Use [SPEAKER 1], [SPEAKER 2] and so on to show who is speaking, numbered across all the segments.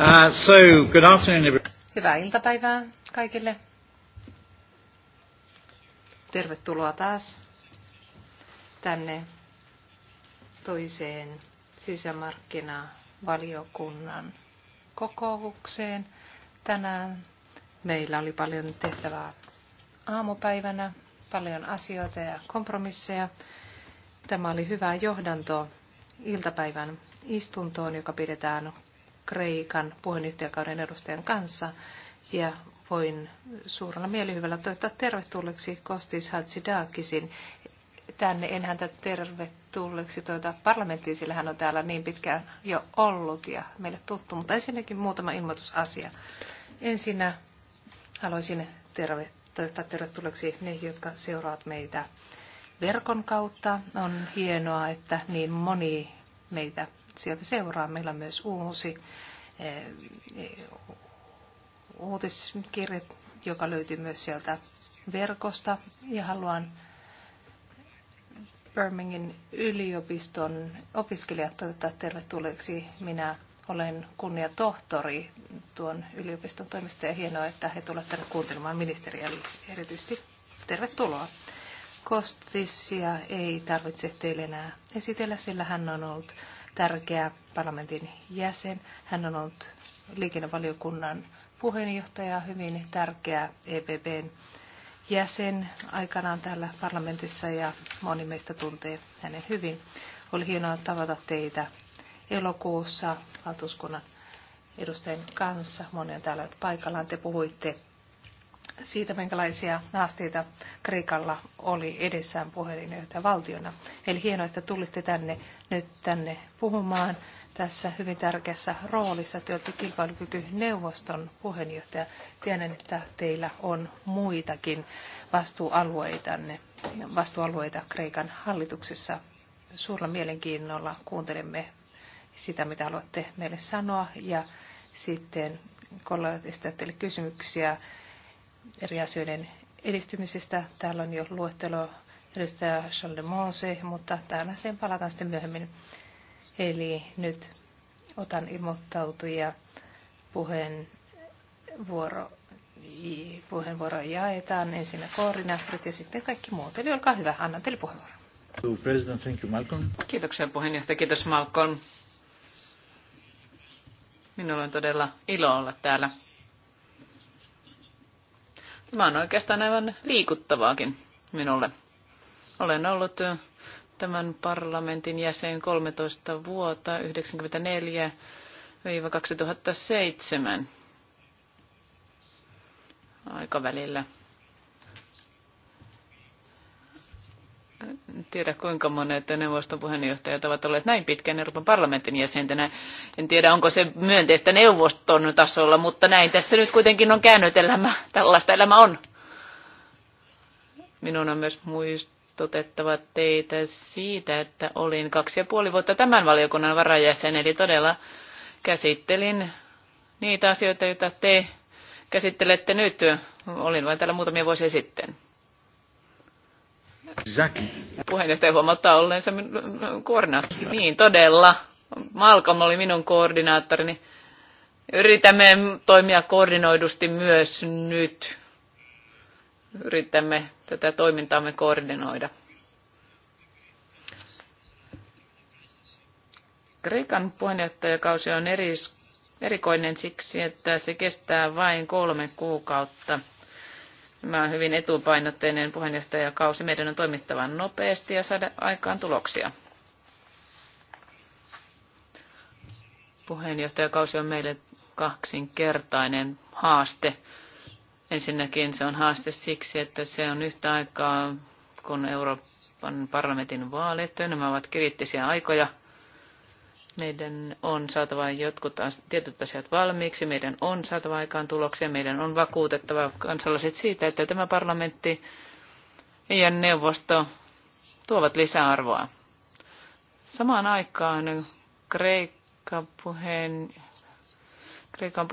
[SPEAKER 1] Uh, so, good afternoon everybody.
[SPEAKER 2] Hyvää iltapäivää kaikille. Tervetuloa taas tänne toiseen sisämarkkinavaliokunnan kokoukseen. Tänään meillä oli paljon tehtävää aamupäivänä, paljon asioita ja kompromisseja. Tämä oli hyvä johdanto iltapäivän istuntoon, joka pidetään Kreikan puheenjohtajakauden edustajan kanssa ja voin suurella mielihyvällä toivottaa tervetulleeksi Kostis Hatsidakisin tänne. En häntä tervetulleeksi tuota parlamenttiin, sillä hän on täällä niin pitkään jo ollut ja meille tuttu. Mutta ensinnäkin muutama ilmoitusasia. Ensinnä haluaisin terve, toivottaa tervetulleeksi ne, jotka seuraavat meitä verkon kautta. On hienoa, että niin moni meitä sieltä seuraa. Meillä on myös uusi Eh, uutiskirje, joka löytyy myös sieltä verkosta. Ja haluan Birminghamin yliopiston opiskelijat toivottaa tervetulleeksi. Minä olen kunnia tohtori tuon yliopiston toimesta, ja hienoa, että he tulevat tänne kuuntelemaan ministeriä, eli erityisesti tervetuloa. Kostisia ei tarvitse teille enää esitellä, sillä hän on ollut tärkeä parlamentin jäsen. Hän on ollut liikennevaliokunnan puheenjohtaja, hyvin tärkeä EPPn jäsen aikanaan täällä parlamentissa ja moni meistä tuntee hänen hyvin. Oli hienoa tavata teitä elokuussa valtuuskunnan edustajien kanssa. Moni on täällä paikallaan. Te puhuitte siitä, minkälaisia haasteita Kreikalla oli edessään puhelinjohtajavaltiona. Eli hienoa, että tulitte tänne nyt tänne puhumaan tässä hyvin tärkeässä roolissa. Te olette kilpailukykyneuvoston puheenjohtaja. Tiedän, että teillä on muitakin vastuualueitanne, vastuualueita Kreikan hallituksessa. Suurella mielenkiinnolla kuuntelemme sitä, mitä haluatte meille sanoa ja sitten kollegat esittävät teille kysymyksiä eri asioiden edistymisestä. Täällä on jo luettelo edustaja Charles de Monse, mutta täällä sen palataan sitten myöhemmin. Eli nyt otan ilmoittautuja puheen vuoro, puheenvuoro jaetaan ensin koorina ja sitten kaikki muut. Eli olkaa hyvä, annan teille puheenvuoro.
[SPEAKER 1] President, thank you, Malcolm. Kiitoksia puheenjohtaja, kiitos Malcolm. Minulla on todella ilo olla täällä Tämä on oikeastaan aivan liikuttavaakin minulle. Olen ollut tämän parlamentin jäsen 13 vuotta 1994-2007 aikavälillä. En tiedä kuinka monet neuvoston puheenjohtajat ovat olleet näin pitkään Euroopan parlamentin jäsentenä. En tiedä onko se myönteistä neuvoston tasolla, mutta näin tässä nyt kuitenkin on käynyt elämä. Tällaista elämä on. Minun on myös muistutettava teitä siitä, että olin kaksi ja puoli vuotta tämän valiokunnan varajäsen, eli todella käsittelin niitä asioita, joita te käsittelette nyt. Olin vain täällä muutamia vuosia sitten. Zaki. Puheenjohtaja huomauttaa olleensa koordinaattori. Niin, todella. Malcolm oli minun koordinaattorini. Yritämme toimia koordinoidusti myös nyt. Yritämme tätä toimintaamme koordinoida. Kreikan puheenjohtajakausi on eri erikoinen siksi, että se kestää vain kolme kuukautta – Tämä on hyvin etupainotteinen puheenjohtajakausi. Meidän on toimittava nopeasti ja saada aikaan tuloksia. Puheenjohtajakausi on meille kaksinkertainen haaste. Ensinnäkin se on haaste siksi, että se on yhtä aikaa kun Euroopan parlamentin vaalit. Nämä ovat kriittisiä aikoja. Meidän on saatava jotkut tietyt asiat valmiiksi, meidän on saatava aikaan tuloksia, meidän on vakuutettava kansalaiset siitä, että tämä parlamentti ja neuvosto tuovat lisäarvoa. Samaan aikaan Kreikan, puheen, Kreikan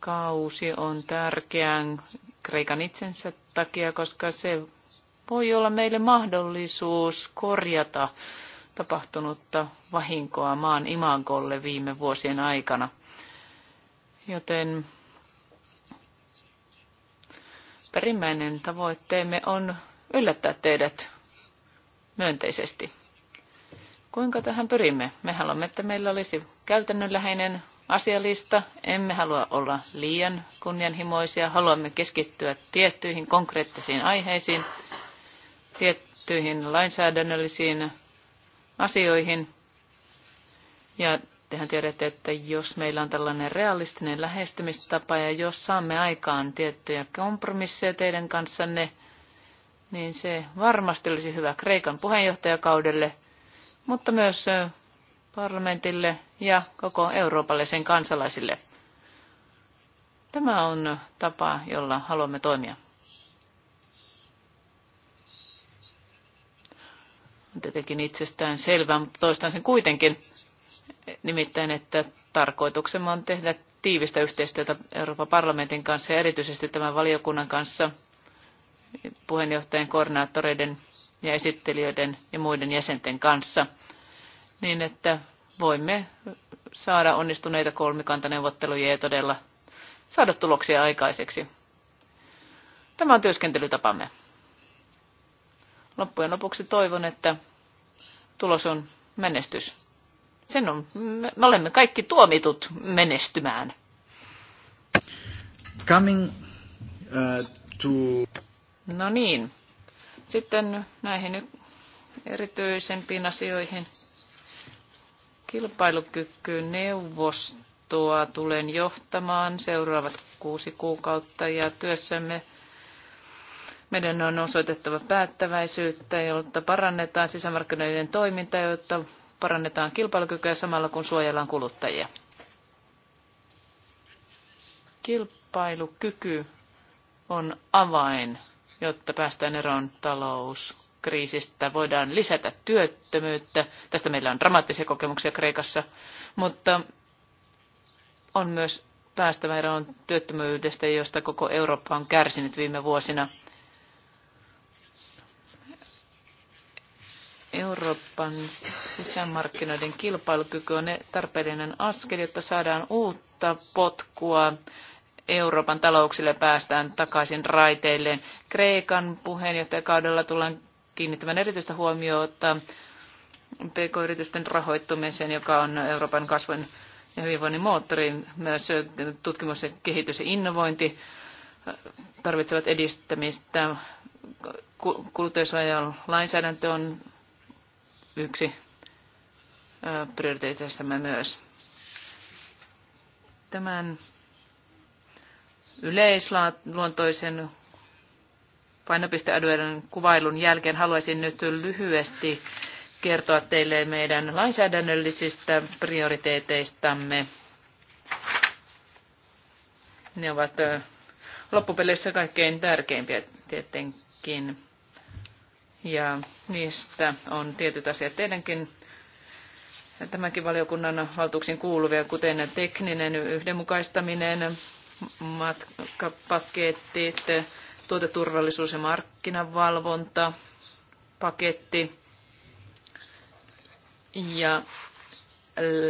[SPEAKER 1] Kausi on tärkeän Kreikan itsensä takia, koska se voi olla meille mahdollisuus korjata tapahtunutta vahinkoa maan imagolle viime vuosien aikana. Joten perimmäinen tavoitteemme on yllättää teidät myönteisesti. Kuinka tähän pyrimme? Me haluamme, että meillä olisi käytännönläheinen asialista. Emme halua olla liian kunnianhimoisia. Haluamme keskittyä tiettyihin konkreettisiin aiheisiin, tiettyihin lainsäädännöllisiin asioihin. Ja tehän tiedätte, että jos meillä on tällainen realistinen lähestymistapa ja jos saamme aikaan tiettyjä kompromisseja teidän kanssanne, niin se varmasti olisi hyvä Kreikan puheenjohtajakaudelle, mutta myös parlamentille ja koko Euroopalle sen kansalaisille. Tämä on tapa, jolla haluamme toimia. on tietenkin itsestään selvää, mutta toistan sen kuitenkin. Nimittäin, että tarkoituksena on tehdä tiivistä yhteistyötä Euroopan parlamentin kanssa ja erityisesti tämän valiokunnan kanssa, puheenjohtajien, koordinaattoreiden ja esittelijöiden ja muiden jäsenten kanssa, niin että voimme saada onnistuneita kolmikantaneuvotteluja ja todella saada tuloksia aikaiseksi. Tämä on työskentelytapamme. Loppujen lopuksi toivon, että tulos on menestys. Sen on, me olemme kaikki tuomitut menestymään. Coming uh, to... No niin. Sitten näihin erityisempiin asioihin. Kilpailukyky neuvostoa tulen johtamaan seuraavat kuusi kuukautta ja työssämme – meidän on osoitettava päättäväisyyttä, jotta parannetaan sisämarkkinoiden toimintaa, jotta parannetaan kilpailukykyä samalla kun suojellaan kuluttajia. Kilpailukyky on avain, jotta päästään eroon talouskriisistä. Voidaan lisätä työttömyyttä. Tästä meillä on dramaattisia kokemuksia Kreikassa, mutta on myös päästävä eroon työttömyydestä, josta koko Eurooppa on kärsinyt viime vuosina – Euroopan sisämarkkinoiden kilpailukyky on tarpeellinen askel, jotta saadaan uutta potkua Euroopan talouksille päästään takaisin raiteilleen. Kreikan puheenjohtajakaudella tullaan kiinnittämään erityistä huomiota PK-yritysten rahoittumiseen, joka on Euroopan kasvun ja hyvinvoinnin moottorin, Myös tutkimus ja kehitys ja innovointi tarvitsevat edistämistä. Kuluttajansuojan lainsäädäntö on yksi prioriteeteistamme myös. Tämän yleisluontoisen painopistealueiden kuvailun jälkeen haluaisin nyt lyhyesti kertoa teille meidän lainsäädännöllisistä prioriteeteistamme. Ne ovat loppupeleissä kaikkein tärkeimpiä tietenkin. Ja Niistä on tietyt asiat teidänkin tämänkin valiokunnan valtuuksiin kuuluvia, kuten tekninen yhdenmukaistaminen, matkapaketit, tuoteturvallisuus ja markkinavalvonta, paketti ja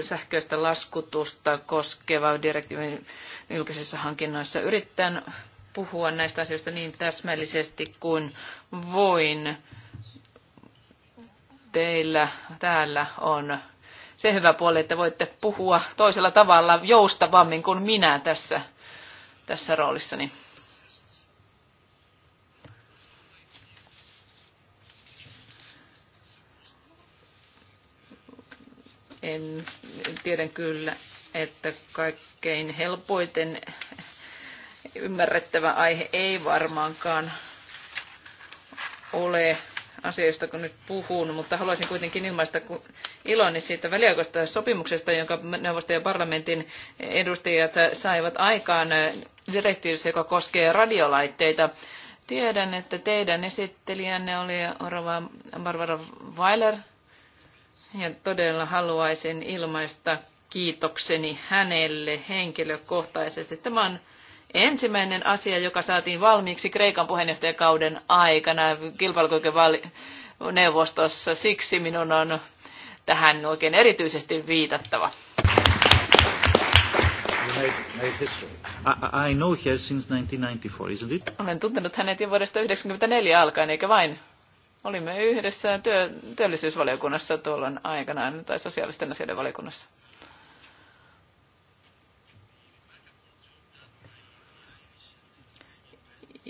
[SPEAKER 1] sähköistä laskutusta koskeva direktiivi julkisissa hankinnoissa. Yritän puhua näistä asioista niin täsmällisesti kuin voin teillä täällä on se hyvä puoli, että voitte puhua toisella tavalla joustavammin kuin minä tässä, tässä roolissani. En tiedä kyllä, että kaikkein helpoiten ymmärrettävä aihe ei varmaankaan ole asioista, kun nyt puhun, mutta haluaisin kuitenkin ilmaista iloni siitä väliaikaisesta sopimuksesta, jonka neuvoston ja parlamentin edustajat saivat aikaan direktiivissä, joka koskee radiolaitteita. Tiedän, että teidän esittelijänne oli Orava Barbara Weiler, ja todella haluaisin ilmaista kiitokseni hänelle henkilökohtaisesti. Tämä on ensimmäinen asia, joka saatiin valmiiksi Kreikan puheenjohtajakauden aikana kilpailukykyneuvostossa. Siksi minun on tähän oikein erityisesti viitattava.
[SPEAKER 2] I,
[SPEAKER 3] I know since 1994, isn't it?
[SPEAKER 1] Olen tuntenut hänet jo vuodesta 1994 alkaen, eikä vain. Olimme yhdessä työ, työllisyysvaliokunnassa tuolloin aikanaan, tai sosiaalisten asioiden valiokunnassa.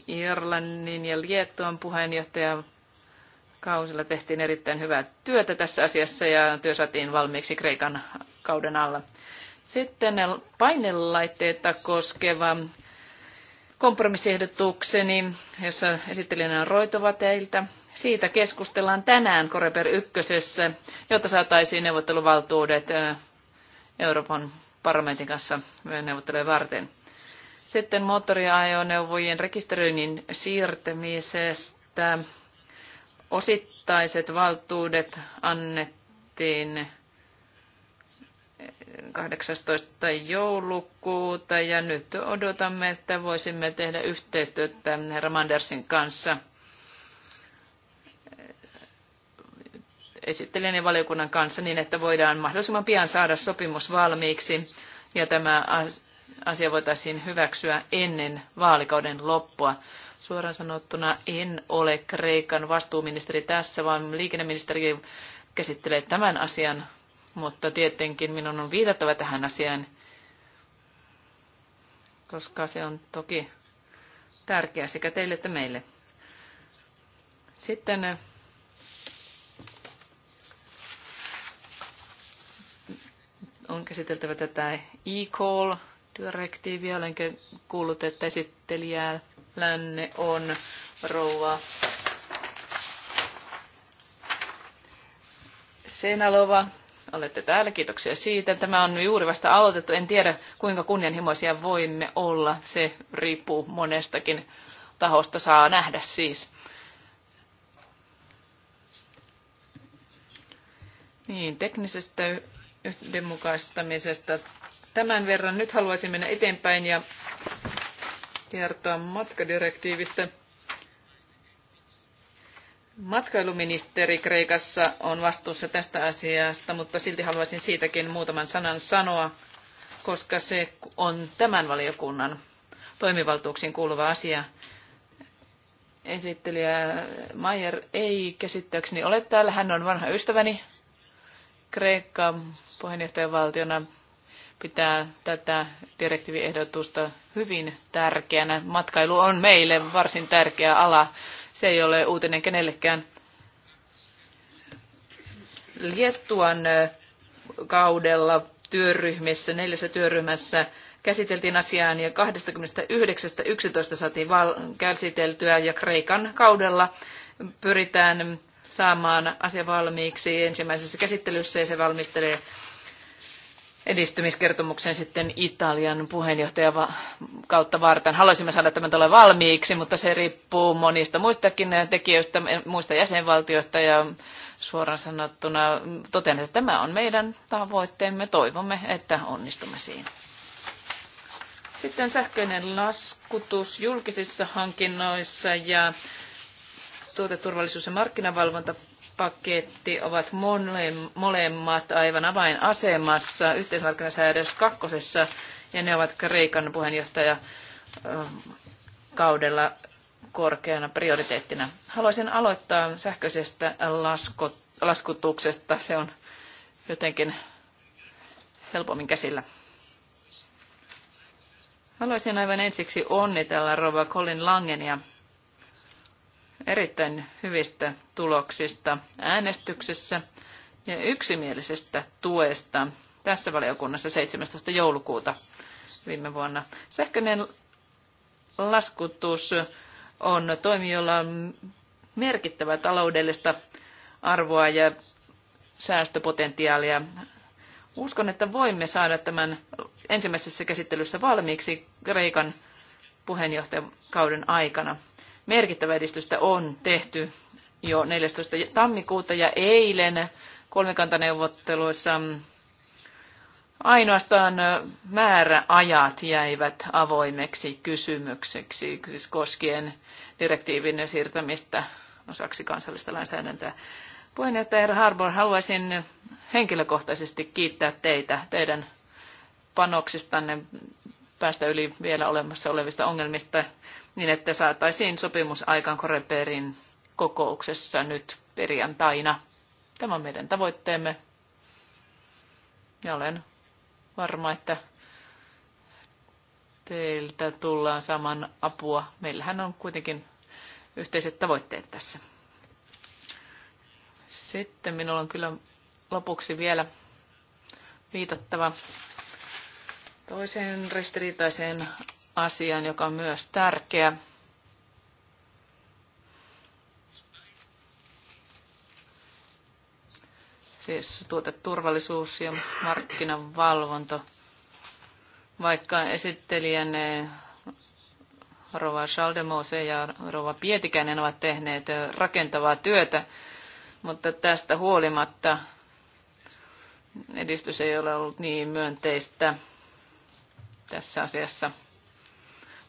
[SPEAKER 1] Irlannin ja Liettuan puheenjohtajan kausilla tehtiin erittäin hyvää työtä tässä asiassa ja työ saatiin valmiiksi Kreikan kauden alla. Sitten painelaitteita koskeva kompromissiehdotukseni, jossa esittelin on Roitova teiltä. Siitä keskustellaan tänään Koreper ykkösessä, jotta saataisiin neuvotteluvaltuudet Euroopan parlamentin kanssa neuvottelujen varten. Sitten moottoriajoneuvojen rekisteröinnin siirtämisestä osittaiset valtuudet annettiin 18. joulukuuta ja nyt odotamme, että voisimme tehdä yhteistyötä herra Mandersin kanssa esittelijän ja valiokunnan kanssa niin, että voidaan mahdollisimman pian saada sopimus valmiiksi ja tämä asia voitaisiin hyväksyä ennen vaalikauden loppua. Suoraan sanottuna en ole Kreikan vastuuministeri tässä, vaan liikenneministeri käsittelee tämän asian, mutta tietenkin minun on viitattava tähän asiaan, koska se on toki tärkeä sekä teille että meille. Sitten äh, on käsiteltävä tätä e-call direktiiviä. Olen kuullut, että esittelijää länne on rouva Senalova. Olette täällä, kiitoksia siitä. Tämä on juuri vasta aloitettu. En tiedä, kuinka kunnianhimoisia voimme olla. Se riippuu monestakin tahosta. Saa nähdä siis. Niin, teknisestä yhdenmukaistamisesta Tämän verran nyt haluaisin mennä eteenpäin ja kertoa matkadirektiivistä. Matkailuministeri Kreikassa on vastuussa tästä asiasta, mutta silti haluaisin siitäkin muutaman sanan sanoa, koska se on tämän valiokunnan toimivaltuuksiin kuuluva asia. Esittelijä Mayer ei käsittääkseni ole täällä. Hän on vanha ystäväni Kreikka puheenjohtajavaltiona pitää tätä direktiiviehdotusta hyvin tärkeänä. Matkailu on meille varsin tärkeä ala. Se ei ole uutinen kenellekään. Liettuan kaudella työryhmissä, neljässä työryhmässä käsiteltiin asiaa ja 29.11. saatiin val- käsiteltyä ja Kreikan kaudella pyritään saamaan asia valmiiksi ensimmäisessä käsittelyssä ja se valmistelee edistymiskertomuksen sitten Italian puheenjohtaja kautta varten. Haluaisimme saada tämän tulee valmiiksi, mutta se riippuu monista muistakin tekijöistä, muista jäsenvaltioista ja suoraan sanottuna totean, että tämä on meidän tavoitteemme. Toivomme, että onnistumme siinä. Sitten sähköinen laskutus julkisissa hankinnoissa ja tuoteturvallisuus- ja markkinavalvonta paketti ovat molemmat aivan avainasemassa yhteismarkkinasäädös kakkosessa ja ne ovat Kreikan puheenjohtaja ähm, kaudella korkeana prioriteettina. Haluaisin aloittaa sähköisestä laskut, laskutuksesta. Se on jotenkin helpommin käsillä. Haluaisin aivan ensiksi onnitella Rova Colin Langenia erittäin hyvistä tuloksista äänestyksessä ja yksimielisestä tuesta tässä valiokunnassa 17. joulukuuta viime vuonna. Sähköinen laskutus on toimi, jolla on merkittävää taloudellista arvoa ja säästöpotentiaalia. Uskon, että voimme saada tämän ensimmäisessä käsittelyssä valmiiksi Kreikan puheenjohtajakauden aikana merkittävä edistystä on tehty jo 14. tammikuuta ja eilen kolmikantaneuvotteluissa ainoastaan määräajat jäivät avoimeksi kysymykseksi, siis koskien direktiivin siirtämistä osaksi kansallista lainsäädäntöä. Puheenjohtaja Harbour, haluaisin henkilökohtaisesti kiittää teitä teidän panoksistanne päästä yli vielä olemassa olevista ongelmista niin että saataisiin sopimus aikaan Koreperin kokouksessa nyt perjantaina. Tämä on meidän tavoitteemme. Ja olen varma, että teiltä tullaan saman apua. Meillähän on kuitenkin yhteiset tavoitteet tässä. Sitten minulla on kyllä lopuksi vielä viitattava toiseen ristiriitaiseen asian, joka on myös tärkeä. Siis tuoteturvallisuus ja markkinavalvonta. Vaikka esittelijänne Rova Schaldemose ja Rova Pietikäinen ovat tehneet rakentavaa työtä, mutta tästä huolimatta edistys ei ole ollut niin myönteistä tässä asiassa.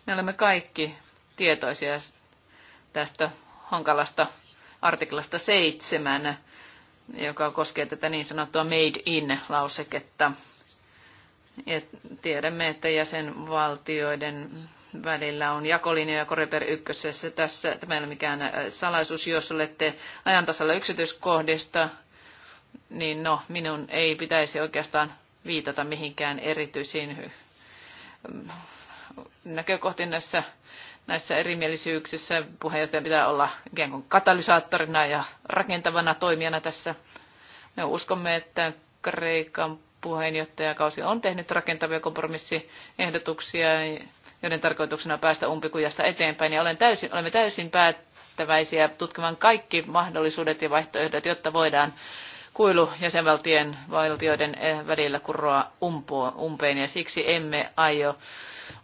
[SPEAKER 1] Me olemme kaikki tietoisia tästä hankalasta artiklasta 7, joka koskee tätä niin sanottua made in lauseketta. Ja tiedämme, että jäsenvaltioiden välillä on jakolinjoja Koreper ykkösessä. Tässä tämä ei ole mikään salaisuus, jos olette ajantasalla yksityiskohdista, niin no, minun ei pitäisi oikeastaan viitata mihinkään erityisiin näkökohtiin näissä, näissä erimielisyyksissä. Puheenjohtaja pitää olla ikään kuin katalysaattorina ja rakentavana toimijana tässä. Me uskomme, että Kreikan puheenjohtajakausi on tehnyt rakentavia kompromissiehdotuksia, joiden tarkoituksena on päästä umpikujasta eteenpäin. Ja olen täysin, olemme täysin päättäväisiä tutkimaan kaikki mahdollisuudet ja vaihtoehdot, jotta voidaan kuilu jäsenvaltien valtioiden välillä kuroa umpeen ja siksi emme aio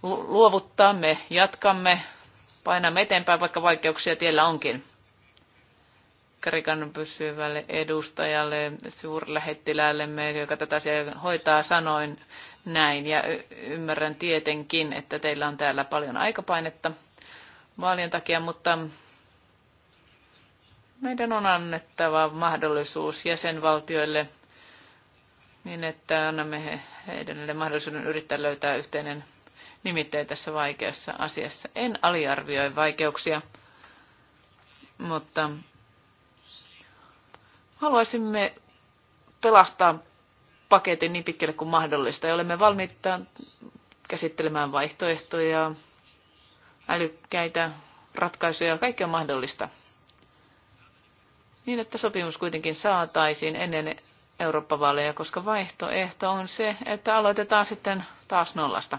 [SPEAKER 1] luovuttaa, me jatkamme, painamme eteenpäin, vaikka vaikeuksia tiellä onkin. Karikan pysyvälle edustajalle, suurlähettiläällemme, joka tätä asiaa hoitaa, sanoin näin. Ja ymmärrän tietenkin, että teillä on täällä paljon aikapainetta vaalien takia, mutta meidän on annettava mahdollisuus jäsenvaltioille niin, että annamme heidän mahdollisuuden yrittää löytää yhteinen nimittäin tässä vaikeassa asiassa. En aliarvioi vaikeuksia, mutta haluaisimme pelastaa paketin niin pitkälle kuin mahdollista ja olemme valmiita käsittelemään vaihtoehtoja, älykkäitä ratkaisuja, kaikki on mahdollista. Niin, että sopimus kuitenkin saataisiin ennen Eurooppa-vaaleja, koska vaihtoehto on se, että aloitetaan sitten taas nollasta.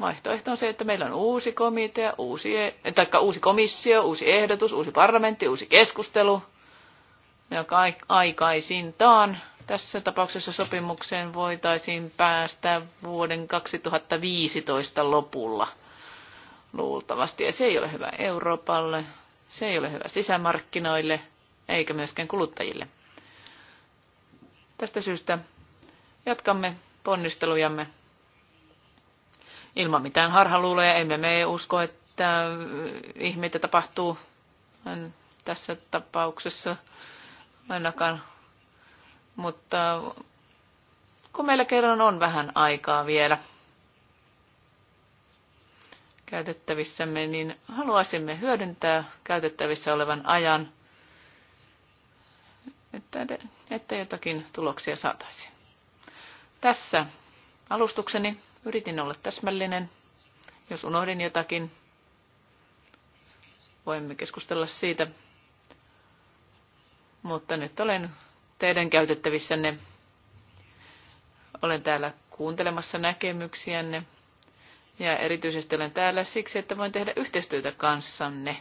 [SPEAKER 1] Vaihtoehto on se, että meillä on uusi komitea, uusi, e- tai uusi komissio, uusi ehdotus, uusi parlamentti, uusi keskustelu, Ja aikaisintaan tässä tapauksessa sopimukseen voitaisiin päästä vuoden 2015 lopulla luultavasti. Ja se ei ole hyvä Euroopalle, se ei ole hyvä sisämarkkinoille eikä myöskään kuluttajille. Tästä syystä jatkamme ponnistelujamme ilman mitään harhaluuloja. Emme me usko, että ihmeitä tapahtuu tässä tapauksessa ainakaan. Mutta kun meillä kerran on vähän aikaa vielä käytettävissämme, niin haluaisimme hyödyntää käytettävissä olevan ajan, että, että jotakin tuloksia saataisiin. Tässä alustukseni. Yritin olla täsmällinen. Jos unohdin jotakin, voimme keskustella siitä. Mutta nyt olen teidän käytettävissänne. Olen täällä kuuntelemassa näkemyksiänne. Ja erityisesti olen täällä siksi, että voin tehdä yhteistyötä kanssanne.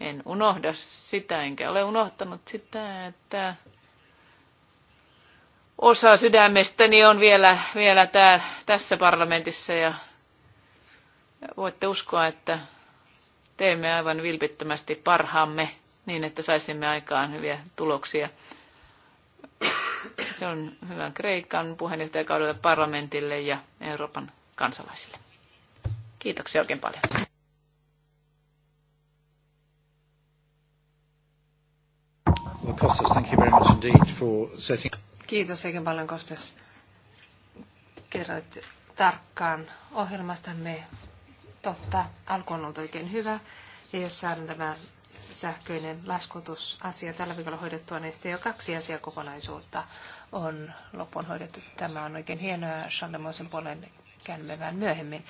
[SPEAKER 1] En unohda sitä, enkä ole unohtanut sitä, että osa sydämestäni on vielä, vielä tää, tässä parlamentissa ja voitte uskoa, että teemme aivan vilpittömästi parhaamme niin, että saisimme aikaan hyviä tuloksia. Se on hyvän Kreikan puheenjohtajakaudelle parlamentille ja Euroopan kansalaisille. Kiitoksia oikein paljon.
[SPEAKER 2] Well, Kostas, thank you very much indeed for setting... Kiitos oikein paljon, Kostas. Kerroit tarkkaan ohjelmastamme. Totta, alku on ollut oikein hyvä. Ja jos saadaan tämä sähköinen laskutusasia tällä viikolla hoidettua, niin sitten jo kaksi asiakokonaisuutta on loppuun hoidettu. Tämä on oikein hienoa. Shalemosen puolen käymme vähän myöhemmin.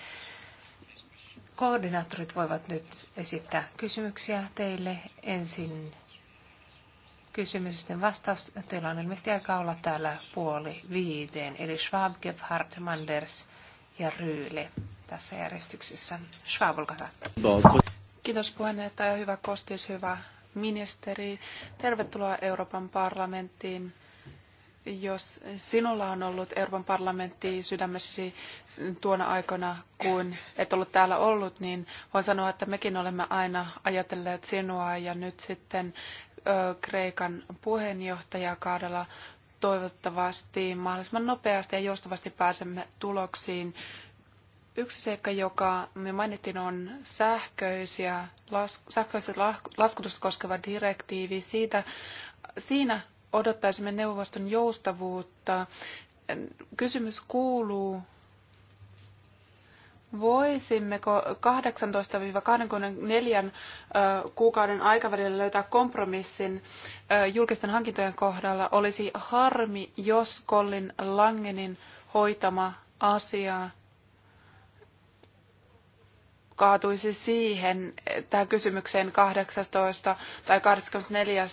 [SPEAKER 2] Koordinaattorit voivat nyt esittää kysymyksiä teille. Ensin kysymysten vastaus. Teillä on ilmeisesti aika olla täällä puoli viiteen, eli Schwab, Gebhardt, Manders ja Ryyle tässä järjestyksessä. Schwab, olkaa hyvä.
[SPEAKER 3] Kiitos puheenjohtaja, hyvä Kostis, hyvä ministeri. Tervetuloa Euroopan parlamenttiin. Jos sinulla on ollut Euroopan parlamentti sydämessäsi tuona aikana, kun et ollut täällä ollut, niin voin sanoa, että mekin olemme aina ajatelleet sinua ja nyt sitten Kreikan puheenjohtajakaudella toivottavasti mahdollisimman nopeasti ja joustavasti pääsemme tuloksiin. Yksi seikka, joka me mainittiin, on sähköisiä, las, sähköiset laskutusta koskeva direktiivi. Siitä, siinä odottaisimme neuvoston joustavuutta. Kysymys kuuluu, voisimmeko 18-24 kuukauden aikavälillä löytää kompromissin julkisten hankintojen kohdalla, olisi harmi, jos Kollin Langenin hoitama asia kaatuisi siihen tähän kysymykseen 18 tai 24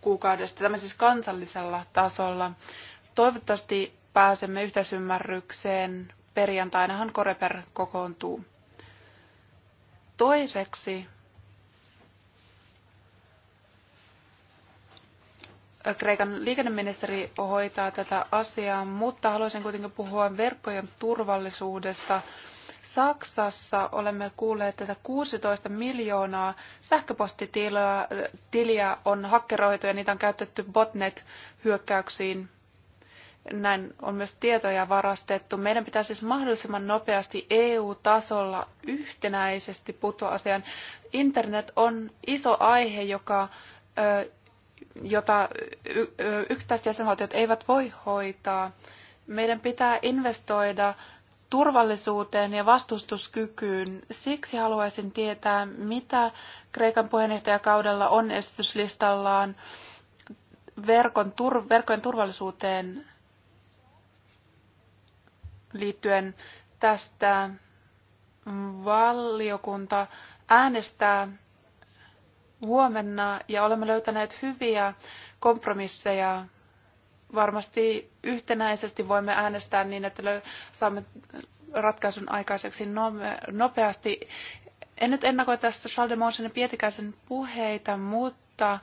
[SPEAKER 3] kuukaudesta, tämä siis kansallisella tasolla. Toivottavasti pääsemme yhteisymmärrykseen perjantainahan Koreper kokoontuu. Toiseksi Kreikan liikenneministeri hoitaa tätä asiaa, mutta haluaisin kuitenkin puhua verkkojen turvallisuudesta. Saksassa olemme kuulleet, että 16 miljoonaa sähköpostitiliä on hakkeroitu ja niitä on käytetty botnet-hyökkäyksiin näin on myös tietoja varastettu. Meidän pitää siis mahdollisimman nopeasti EU-tasolla yhtenäisesti puuttua asiaan. Internet on iso aihe, joka, jota yksittäiset jäsenvaltiot eivät voi hoitaa. Meidän pitää investoida turvallisuuteen ja vastustuskykyyn. Siksi haluaisin tietää, mitä Kreikan puheenjohtajakaudella on esityslistallaan verkon tur- verkkojen turvallisuuteen liittyen tästä valiokunta äänestää huomenna ja olemme löytäneet hyviä kompromisseja. Varmasti yhtenäisesti voimme äänestää niin, että saamme ratkaisun aikaiseksi nopeasti. En nyt ennakoi tässä Charles Monsen ja Pietikäisen puheita, mutta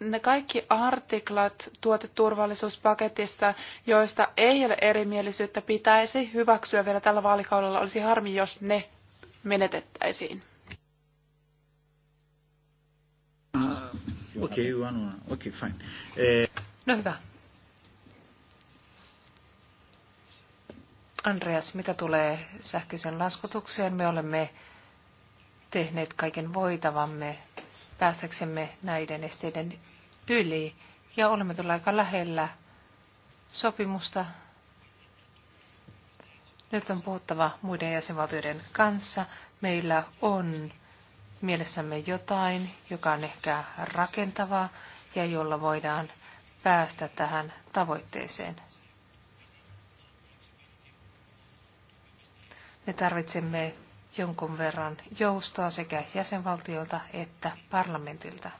[SPEAKER 3] ne kaikki artiklat tuoteturvallisuuspaketissa, joista ei ole erimielisyyttä, pitäisi hyväksyä vielä tällä vaalikaudella. Olisi harmi, jos ne menetettäisiin.
[SPEAKER 1] Ah, okay, one, one. Okay, fine. Eh...
[SPEAKER 2] No hyvä. Andreas, mitä tulee sähköisen laskutukseen, me olemme tehneet kaiken voitavamme päästäksemme näiden esteiden yli. Ja olemme tuolla aika lähellä sopimusta. Nyt on puhuttava muiden jäsenvaltioiden kanssa. Meillä on mielessämme jotain, joka on ehkä rakentavaa ja jolla voidaan päästä tähän tavoitteeseen. Me tarvitsemme jonkun verran joustoa sekä jäsenvaltiolta että parlamentilta.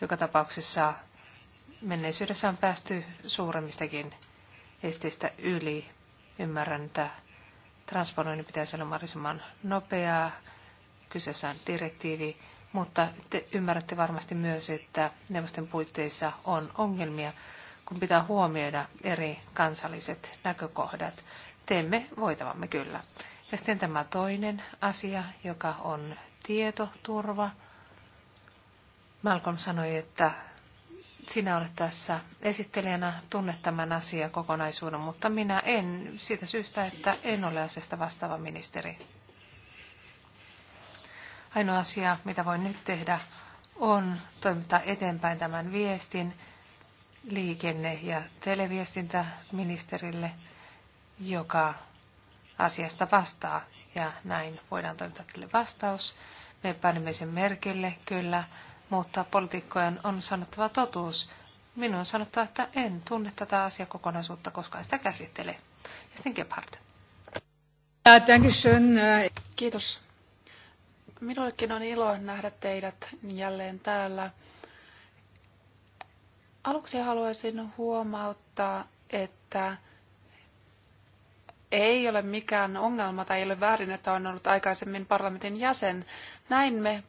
[SPEAKER 2] Joka tapauksessa menneisyydessä on päästy suuremmistakin esteistä yli. Ymmärrän, että transponoinnin pitäisi olla mahdollisimman nopeaa. Kyseessä on direktiivi, mutta te ymmärrätte varmasti myös, että neuvoston puitteissa on ongelmia kun pitää huomioida eri kansalliset näkökohdat. Teemme voitavamme kyllä. Ja sitten tämä toinen asia, joka on tietoturva. Malcolm sanoi, että sinä olet tässä esittelijänä, tunnet tämän asian kokonaisuuden, mutta minä en siitä syystä, että en ole asiasta vastaava ministeri. Ainoa asia, mitä voin nyt tehdä, on toimittaa eteenpäin tämän viestin liikenne- ja televiestintäministerille, joka asiasta vastaa. Ja näin voidaan toimittaa teille vastaus. Me panimme sen merkille, kyllä, mutta poliitikkojen on sanottava totuus. Minun on sanottava, että en tunne tätä asiakokonaisuutta, koska en sitä käsittele. Ja sitten Gebhardt. Äh,
[SPEAKER 3] Kiitos. Minullekin on ilo nähdä teidät jälleen täällä. Aluksi haluaisin huomauttaa, että ei ole mikään ongelma tai ei ole väärin, että on ollut aikaisemmin parlamentin jäsen. Näin me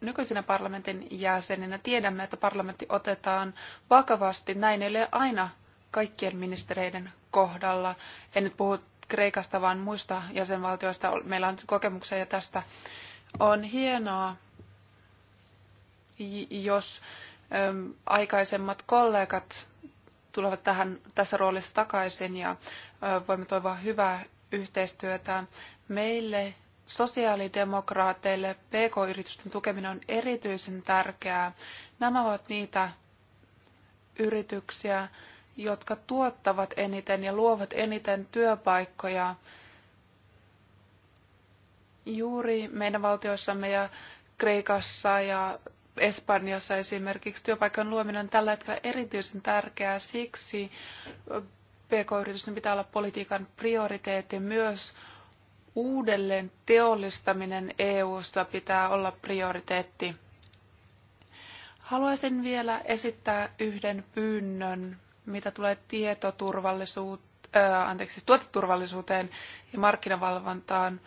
[SPEAKER 3] nykyisinä parlamentin jäseninä tiedämme, että parlamentti otetaan vakavasti. Näin ei ole aina kaikkien ministereiden kohdalla. En nyt puhu Kreikasta, vaan muista jäsenvaltioista. Meillä on kokemuksia jo tästä. On hienoa, jos aikaisemmat kollegat tulevat tähän, tässä roolissa takaisin ja voimme toivoa hyvää yhteistyötä. Meille sosiaalidemokraateille PK-yritysten tukeminen on erityisen tärkeää. Nämä ovat niitä yrityksiä, jotka tuottavat eniten ja luovat eniten työpaikkoja juuri meidän valtioissamme ja Kreikassa ja Espanjassa esimerkiksi työpaikan luominen on tällä hetkellä erityisen tärkeää siksi, PK-yritysten pitää olla politiikan prioriteetti myös uudelleen teollistaminen EU-ssa pitää olla prioriteetti. Haluaisin vielä esittää yhden pyynnön, mitä tulee tietoturvallisuuteen, äh, anteeksi, siis tuoteturvallisuuteen ja markkinavalvontaan.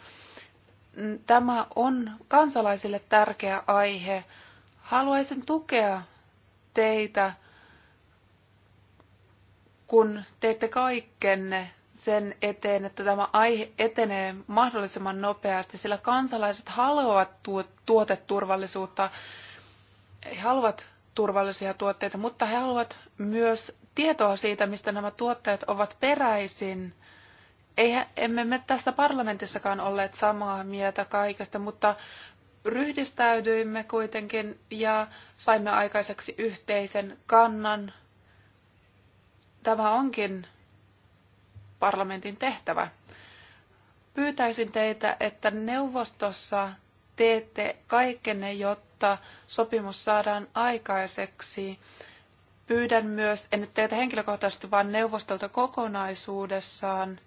[SPEAKER 3] Tämä on kansalaisille tärkeä aihe. Haluaisin tukea teitä, kun teette kaikkenne sen eteen, että tämä aihe etenee mahdollisimman nopeasti, sillä kansalaiset haluavat tuoteturvallisuutta, he haluavat turvallisia tuotteita, mutta he haluavat myös tietoa siitä, mistä nämä tuotteet ovat peräisin. Eihän, emme me tässä parlamentissakaan olleet samaa mieltä kaikesta, mutta Ryhdistäydyimme kuitenkin ja saimme aikaiseksi yhteisen kannan. Tämä onkin parlamentin tehtävä. Pyytäisin teitä, että neuvostossa teette kaikkenne, jotta sopimus saadaan aikaiseksi. Pyydän myös, en nyt teitä henkilökohtaisesti, vaan neuvostolta kokonaisuudessaan,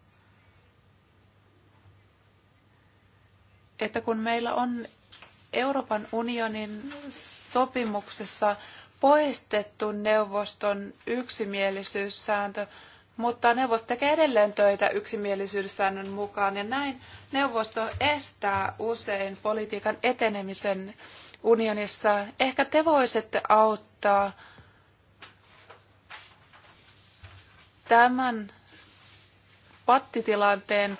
[SPEAKER 3] että kun meillä on Euroopan unionin sopimuksessa poistettu neuvoston yksimielisyyssääntö, mutta neuvosto tekee edelleen töitä yksimielisyyssäännön mukaan ja näin neuvosto estää usein politiikan etenemisen unionissa. Ehkä te voisitte auttaa tämän pattitilanteen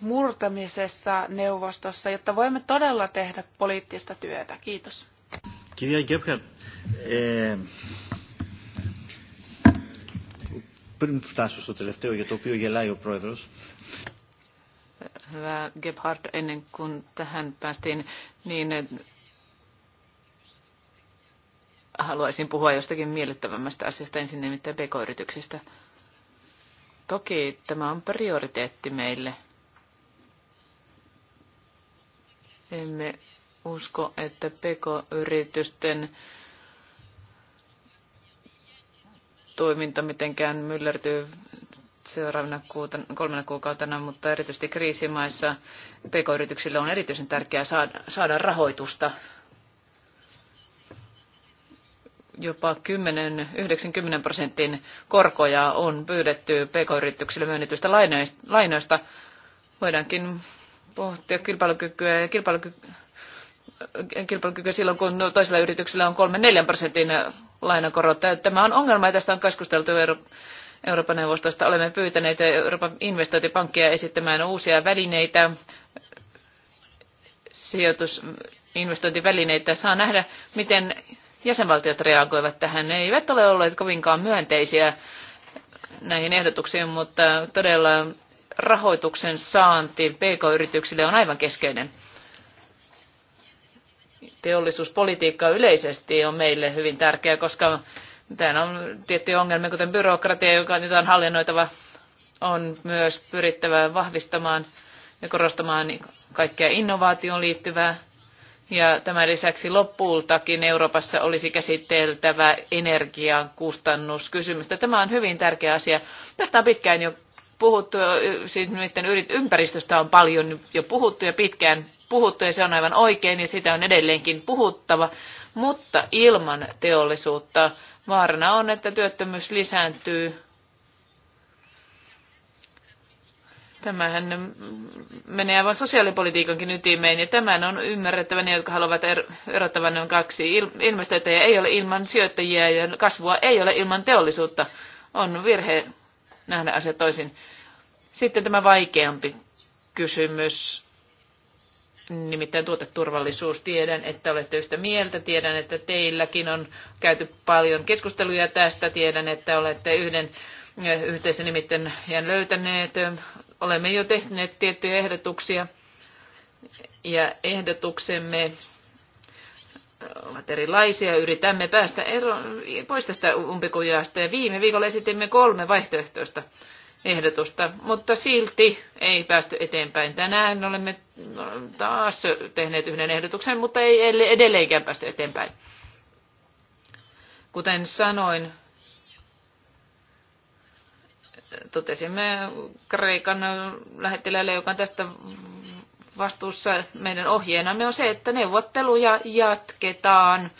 [SPEAKER 3] murtamisessa neuvostossa, jotta voimme todella tehdä poliittista työtä. Kiitos.
[SPEAKER 2] Kirja Gebhardt, eh,
[SPEAKER 1] πριν φτάσω στο τελευταίο για το οποίο γελάει ο πρόεδρος. Hyvä Gebhard, ennen kuin tähän päästiin, niin eh, haluaisin puhua jostakin miellyttävämmästä asiasta ensin nimittäin pk-yrityksistä. Toki tämä on prioriteetti meille. Emme usko, että PK-yritysten toiminta mitenkään myllertyy seuraavana kolmena kuukautena, mutta erityisesti kriisimaissa pk-yrityksille on erityisen tärkeää saada, saada rahoitusta. Jopa 10-90 prosentin korkoja on pyydetty pk-yrityksille myönnetyistä lainoista. Voidaankin pohtia kilpailukykyä, kilpailukykyä, kilpailukykyä silloin, kun toisella yrityksellä on 3-4 prosentin lainakorot. Tämä on ongelma ja tästä on keskusteltu Euro- Euroopan neuvostosta. Olemme pyytäneet Euroopan investointipankkia esittämään uusia välineitä, sijoitusinvestointivälineitä. Saa nähdä, miten jäsenvaltiot reagoivat tähän. Ne eivät ole olleet kovinkaan myönteisiä näihin ehdotuksiin, mutta todella rahoituksen saanti pk-yrityksille on aivan keskeinen. Teollisuuspolitiikka yleisesti on meille hyvin tärkeä, koska tämä on tietty ongelma, kuten byrokratia, joka nyt on hallinnoitava, on myös pyrittävä vahvistamaan ja korostamaan kaikkea innovaatioon liittyvää. Ja tämän lisäksi lopultakin Euroopassa olisi käsiteltävä energian kustannuskysymystä. Tämä on hyvin tärkeä asia. Tästä on pitkään jo puhuttu, siis niiden ympäristöstä on paljon jo puhuttu ja pitkään puhuttu ja se on aivan oikein ja sitä on edelleenkin puhuttava, mutta ilman teollisuutta vaarana on, että työttömyys lisääntyy. Tämähän menee aivan sosiaalipolitiikankin ytimeen ja tämän on ymmärrettävä ne, jotka haluavat er- erottavan on kaksi. Investointeja ei ole ilman sijoittajia ja kasvua ei ole ilman teollisuutta. On virhe nähdä asia toisin. Sitten tämä vaikeampi kysymys, nimittäin tuoteturvallisuus. Tiedän, että olette yhtä mieltä. Tiedän, että teilläkin on käyty paljon keskusteluja tästä. Tiedän, että olette yhden eh, yhteisen nimittäin löytäneet. Olemme jo tehneet tiettyjä ehdotuksia ja ehdotuksemme ovat erilaisia. Yritämme päästä ero, pois tästä umpikujasta ja viime viikolla esitimme kolme vaihtoehtoista ehdotusta, mutta silti ei päästy eteenpäin. Tänään olemme taas tehneet yhden ehdotuksen, mutta ei edelleenkään päästy eteenpäin. Kuten sanoin, totesimme Kreikan lähettiläille, joka on tästä vastuussa meidän ohjeenamme on se, että neuvotteluja jatketaan.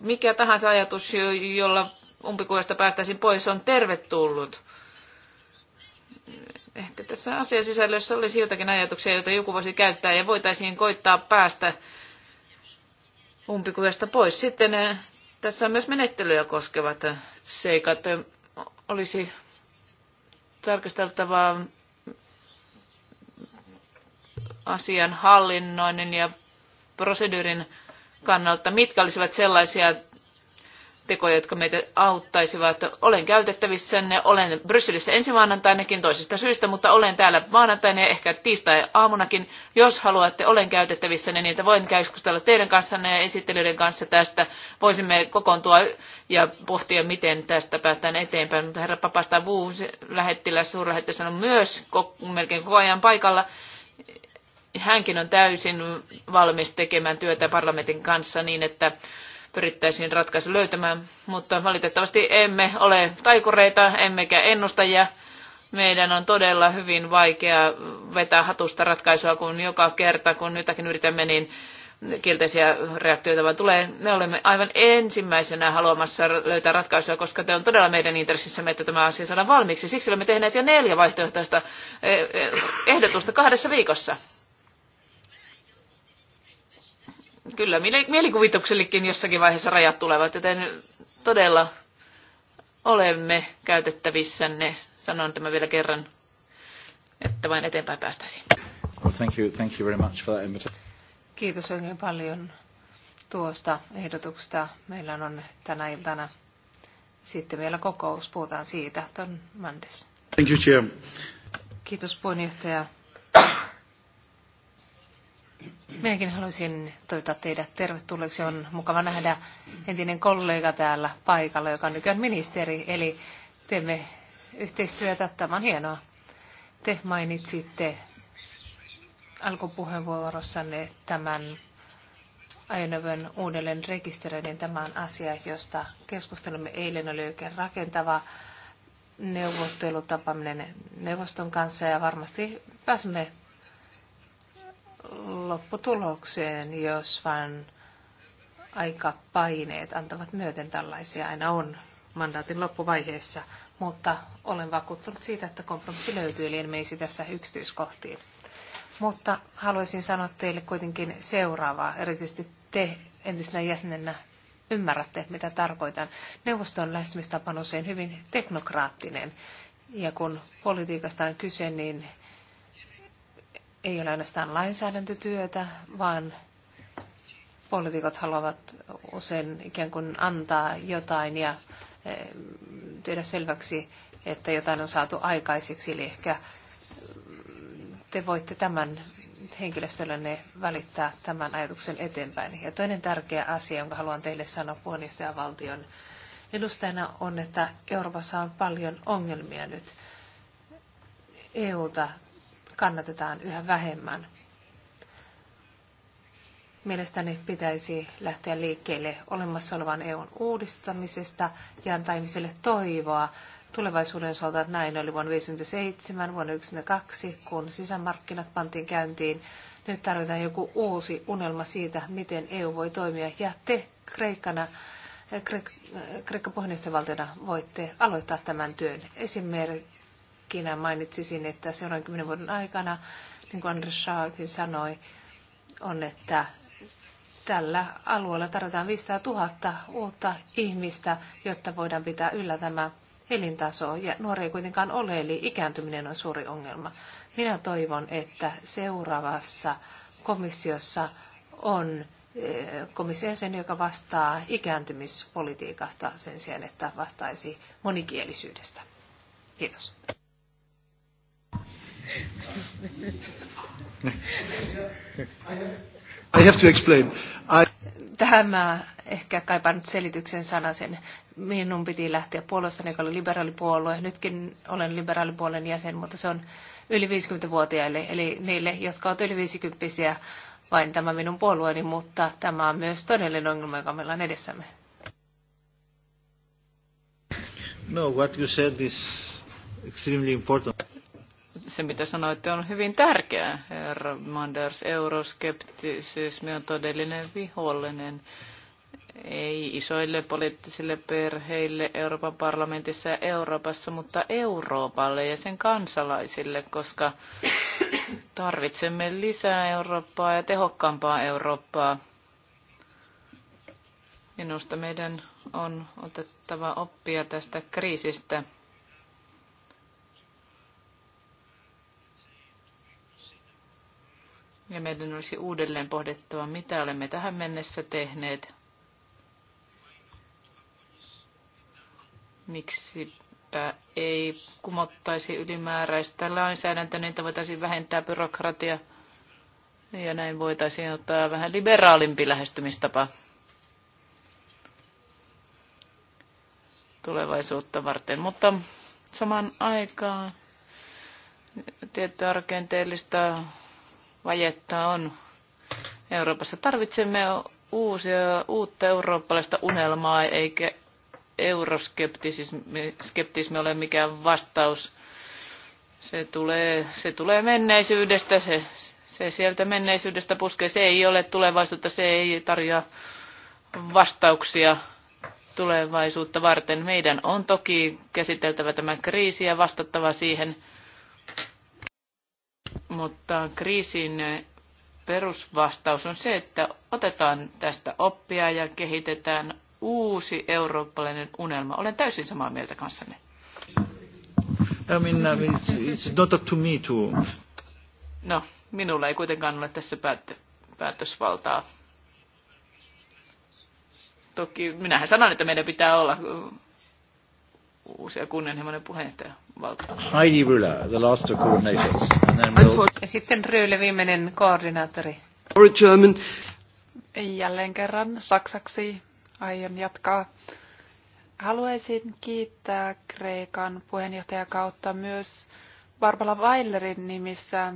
[SPEAKER 1] Mikä tahansa ajatus, jolla umpikuvasta päästäisiin pois, on tervetullut. Ehkä tässä asiasisällössä olisi jotakin ajatuksia, joita joku voisi käyttää ja voitaisiin koittaa päästä umpikuvasta pois. Sitten eh, tässä on myös menettelyä koskevat seikat. Olisi tarkasteltava asian hallinnoinnin ja proseduurin kannalta, mitkä olisivat sellaisia tekoja, jotka meitä auttaisivat. Olen käytettävissänne, olen Brysselissä ensi maanantainakin toisesta syystä, mutta olen täällä maanantaina ja ehkä tiistai-aamunakin. Jos haluatte, olen käytettävissänne, niin että voin keskustella teidän kanssanne ja esittelyiden kanssa tästä. Voisimme kokoontua ja pohtia, miten tästä päästään eteenpäin. Mutta herra Papasta Vuu, lähettiläs, suurlähettiläs on myös melkein koko ajan paikalla hänkin on täysin valmis tekemään työtä parlamentin kanssa niin, että pyrittäisiin ratkaisu löytämään, mutta valitettavasti emme ole taikureita emmekä ennustajia. Meidän on todella hyvin vaikea vetää hatusta ratkaisua, kun joka kerta, kun jotakin yritämme, niin kielteisiä reaktioita vaan tulee. Me olemme aivan ensimmäisenä haluamassa löytää ratkaisuja, koska te on todella meidän intressissämme, että tämä asia saadaan valmiiksi. Siksi olemme tehneet jo neljä vaihtoehtoista eh, eh, ehdotusta kahdessa viikossa. Kyllä, mielikuvituksellekin jossakin vaiheessa rajat tulevat, joten todella olemme käytettävissänne. Sanon tämä vielä kerran, että vain eteenpäin päästäisiin.
[SPEAKER 3] Well, thank you, thank you very much for that
[SPEAKER 2] Kiitos oikein paljon tuosta ehdotuksesta. Meillä on tänä iltana sitten vielä kokous. Puhutaan siitä. tuon Mandes. Thank you, Chair. Kiitos puheenjohtaja. Minäkin haluaisin toivottaa teidät tervetulleeksi. On mukava nähdä entinen kollega täällä paikalla, joka on nykyään ministeri. Eli teemme yhteistyötä. Tämä on hienoa. Te mainitsitte alkupuheenvuorossanne tämän ajoneuvon uudelleen rekisteröinnin. Tämä on asia, josta keskustelumme eilen. Oli oikein rakentava neuvottelutapaaminen neuvoston kanssa ja varmasti pääsemme lopputulokseen, jos vain aika paineet antavat myöten tällaisia aina on mandaatin loppuvaiheessa, mutta olen vakuuttunut siitä, että kompromissi löytyy, eli en meisi tässä yksityiskohtiin. Mutta haluaisin sanoa teille kuitenkin seuraavaa, erityisesti te entisenä jäsenenä ymmärrätte, mitä tarkoitan. Neuvoston lähestymistapa on usein hyvin teknokraattinen, ja kun politiikasta on kyse, niin ei ole ainoastaan lainsäädäntötyötä, vaan poliitikot haluavat usein ikään kuin antaa jotain ja eh, tehdä selväksi, että jotain on saatu aikaiseksi. Eli ehkä mm, te voitte tämän henkilöstöllenne välittää tämän ajatuksen eteenpäin. Ja toinen tärkeä asia, jonka haluan teille sanoa puheenjohtajavaltion edustajana, on, että Euroopassa on paljon ongelmia nyt. EUta kannatetaan yhä vähemmän. Mielestäni pitäisi lähteä liikkeelle olemassa olevan EUn uudistamisesta ja antaa ihmisille toivoa tulevaisuuden osalta. Näin oli vuonna 1957, vuonna 1992, kun sisämarkkinat pantiin käyntiin. Nyt tarvitaan joku uusi unelma siitä, miten EU voi toimia. Ja te Kreikkana, Kreik- Kreikka puheenjohtajavaltiona voitte aloittaa tämän työn. Esimerkiksi esimerkkinä mainitsisin, että seuraavan kymmenen vuoden aikana, niin kuin Anders Schaakin sanoi, on, että tällä alueella tarvitaan 500 000 uutta ihmistä, jotta voidaan pitää yllä tämä elintaso. Ja nuori ei kuitenkaan ole, eli ikääntyminen on suuri ongelma. Minä toivon, että seuraavassa komissiossa on eh, komission sen, joka vastaa ikääntymispolitiikasta sen sijaan, että vastaisi monikielisyydestä. Kiitos. I have to explain. I... Tähän mä ehkä kaipaan nyt selityksen sanasen. Minun piti lähteä puolustani, joka oli liberaalipuolue. Nytkin olen liberaalipuolen jäsen, mutta se on yli 50-vuotiaille, eli niille, jotka ovat yli 50 vain tämä minun puolueeni, mutta tämä on myös todellinen ongelma, joka meillä on edessämme. No, what you said is extremely important
[SPEAKER 1] se, mitä sanoitte, on hyvin tärkeää. Herra Manders, euroskeptisyysmi on todellinen vihollinen. Ei isoille poliittisille perheille Euroopan parlamentissa ja Euroopassa, mutta Euroopalle ja sen kansalaisille, koska tarvitsemme lisää Eurooppaa ja tehokkaampaa Eurooppaa. Minusta meidän on otettava oppia tästä kriisistä. Ja meidän olisi uudelleen pohdittava, mitä olemme tähän mennessä tehneet. Miksipä ei kumottaisi ylimääräistä lainsäädäntöä, niin voitaisiin vähentää byrokratia Ja näin voitaisiin ottaa vähän liberaalimpi lähestymistapa tulevaisuutta varten. Mutta samaan aikaan tiettyä rakenteellista vajetta on Euroopassa. Tarvitsemme uusia, uutta eurooppalaista unelmaa, eikä euroskeptismi ole mikään vastaus. Se tulee, se tulee menneisyydestä, se, se sieltä menneisyydestä puskee. Se ei ole tulevaisuutta, se ei tarjoa vastauksia tulevaisuutta varten. Meidän on toki käsiteltävä tämä kriisi ja vastattava siihen – mutta kriisin perusvastaus on se, että otetaan tästä oppia ja kehitetään uusi eurooppalainen unelma. Olen täysin samaa mieltä kanssanne. I mean, uh, it's, it's not up to me to... No, minulla ei kuitenkaan ole tässä päät- päätösvaltaa. Toki minähän sanon, että meidän pitää olla uusia kunnianhimoinen
[SPEAKER 2] puheenjohtajavaltio. Heidi Rüller, the last two coordinators. And then we'll... Ja sitten Rühle, viimeinen koordinaattori. German.
[SPEAKER 3] Jälleen kerran saksaksi aion jatkaa. Haluaisin kiittää Kreikan puheenjohtajakautta myös Barbara Weilerin nimissä.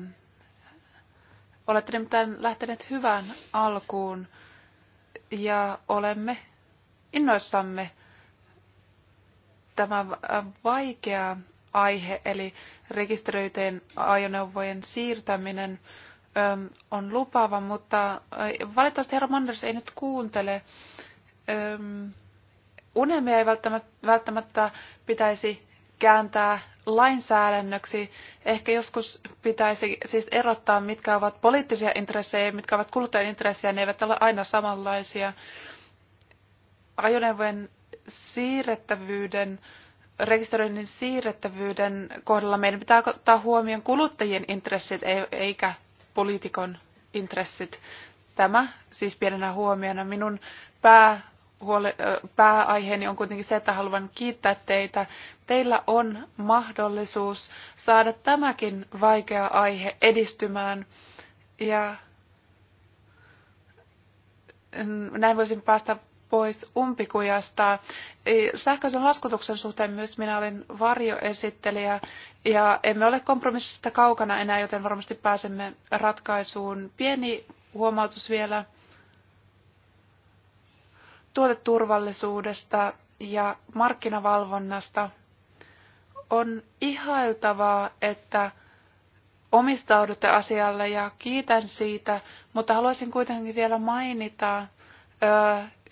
[SPEAKER 3] Olette nimittäin lähteneet hyvään alkuun ja olemme innoissamme – tämä äh, vaikea aihe, eli rekisteröityjen ajoneuvojen siirtäminen ähm, on lupaava, mutta äh, valitettavasti herra Manders ei nyt kuuntele. Ähm, unelmia ei välttämättä pitäisi kääntää lainsäädännöksi. Ehkä joskus pitäisi siis erottaa, mitkä ovat poliittisia intressejä ja mitkä ovat kuluttajan intressejä. Ne eivät ole aina samanlaisia. Ajoneuvojen siirrettävyyden, rekisteröinnin siirrettävyyden kohdalla meidän pitää ottaa huomioon kuluttajien intressit eikä poliitikon intressit. Tämä siis pienenä huomiona. Minun pää huole, pääaiheeni on kuitenkin se, että haluan kiittää teitä. Teillä on mahdollisuus saada tämäkin vaikea aihe edistymään ja näin voisin päästä pois umpikujasta. Sähköisen laskutuksen suhteen myös minä olen varjoesittelijä ja emme ole kompromissista kaukana enää, joten varmasti pääsemme ratkaisuun. Pieni huomautus vielä tuoteturvallisuudesta ja markkinavalvonnasta. On ihailtavaa, että omistaudutte asialle ja kiitän siitä, mutta haluaisin kuitenkin vielä mainita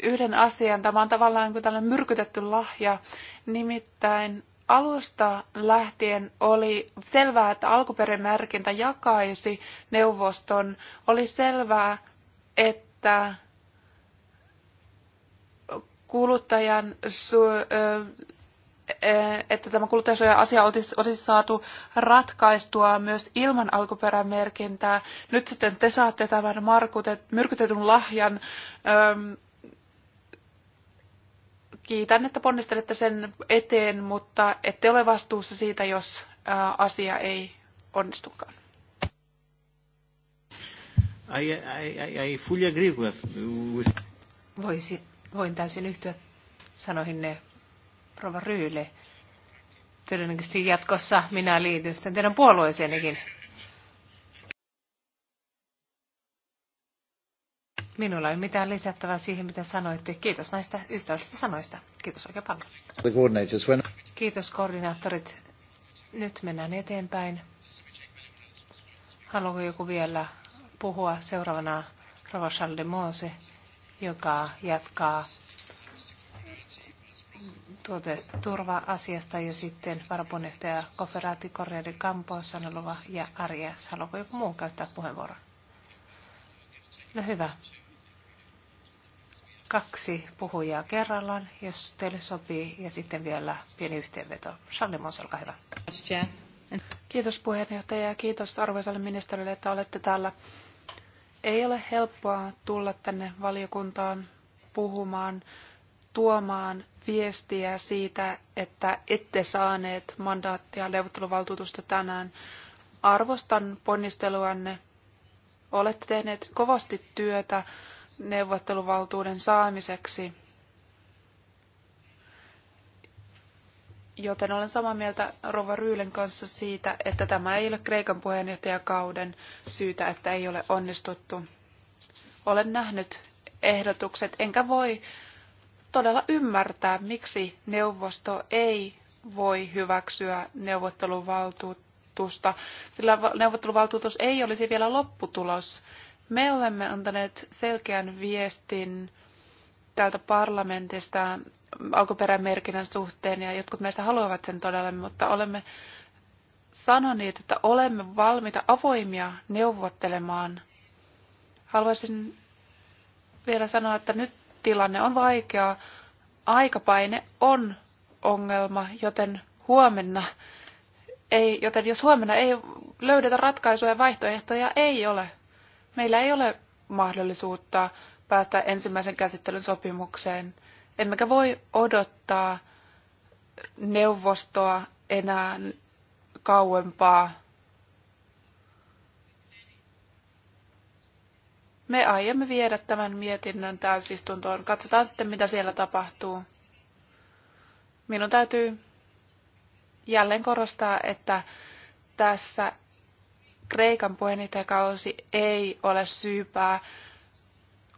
[SPEAKER 3] yhden asian. Tämä on tavallaan niin kuin tällainen myrkytetty lahja. Nimittäin alusta lähtien oli selvää, että alkuperämerkintä jakaisi neuvoston. Oli selvää, että kuluttajan että tämä kuluttajasuoja-asia olisi saatu ratkaistua myös ilman alkuperämerkintää. Nyt sitten te saatte tämän myrkytetyn lahjan kiitän, että ponnistelette sen eteen, mutta ette ole vastuussa siitä, jos asia ei onnistukaan.
[SPEAKER 2] I, I, I fully agree with, with... Voisi, voin täysin yhtyä ne Rova Ryyle. Todennäköisesti jatkossa minä liityn sitten teidän puolueeseenikin. Minulla ei ole mitään lisättävää siihen, mitä sanoitte. Kiitos näistä ystävällisistä sanoista. Kiitos oikein paljon. Kiitos koordinaattorit. Nyt mennään eteenpäin. Haluaako joku vielä puhua seuraavana Rochelle de Mose, joka jatkaa tuoteturva-asiasta ja sitten varapuheenjohtaja Koferati Correa Campo, Sanelova ja Arias. Haluaako joku muu käyttää puheenvuoron? No hyvä kaksi puhujaa kerrallaan, jos teille sopii, ja sitten vielä pieni yhteenveto. Charlie Mons, olkaa hyvä.
[SPEAKER 3] Kiitos puheenjohtaja ja kiitos arvoisalle ministerille, että olette täällä. Ei ole helppoa tulla tänne valiokuntaan puhumaan, tuomaan viestiä siitä, että ette saaneet mandaattia neuvotteluvaltuutusta tänään. Arvostan ponnisteluanne. Olette tehneet kovasti työtä neuvotteluvaltuuden saamiseksi. Joten olen samaa mieltä Rova Ryylen kanssa siitä, että tämä ei ole Kreikan puheenjohtajakauden syytä, että ei ole onnistuttu. Olen nähnyt ehdotukset, enkä voi todella ymmärtää, miksi neuvosto ei voi hyväksyä neuvotteluvaltuutta neuvotteluvaltuutusta, sillä neuvotteluvaltuutus ei olisi vielä lopputulos. Me olemme antaneet selkeän viestin täältä parlamentista alkuperämerkinnän suhteen ja jotkut meistä haluavat sen todella, mutta olemme sanoneet, että olemme valmiita avoimia neuvottelemaan. Haluaisin vielä sanoa, että nyt tilanne on vaikea, aikapaine on ongelma, joten huomenna ei, joten jos huomenna ei löydetä ratkaisuja ja vaihtoehtoja, ei ole meillä ei ole mahdollisuutta päästä ensimmäisen käsittelyn sopimukseen, emmekä voi odottaa neuvostoa enää kauempaa. Me aiemme viedä tämän mietinnön täysistuntoon. Katsotaan sitten, mitä siellä tapahtuu. Minun täytyy jälleen korostaa, että tässä Kreikan puheenjohtajakausi ei ole syypää.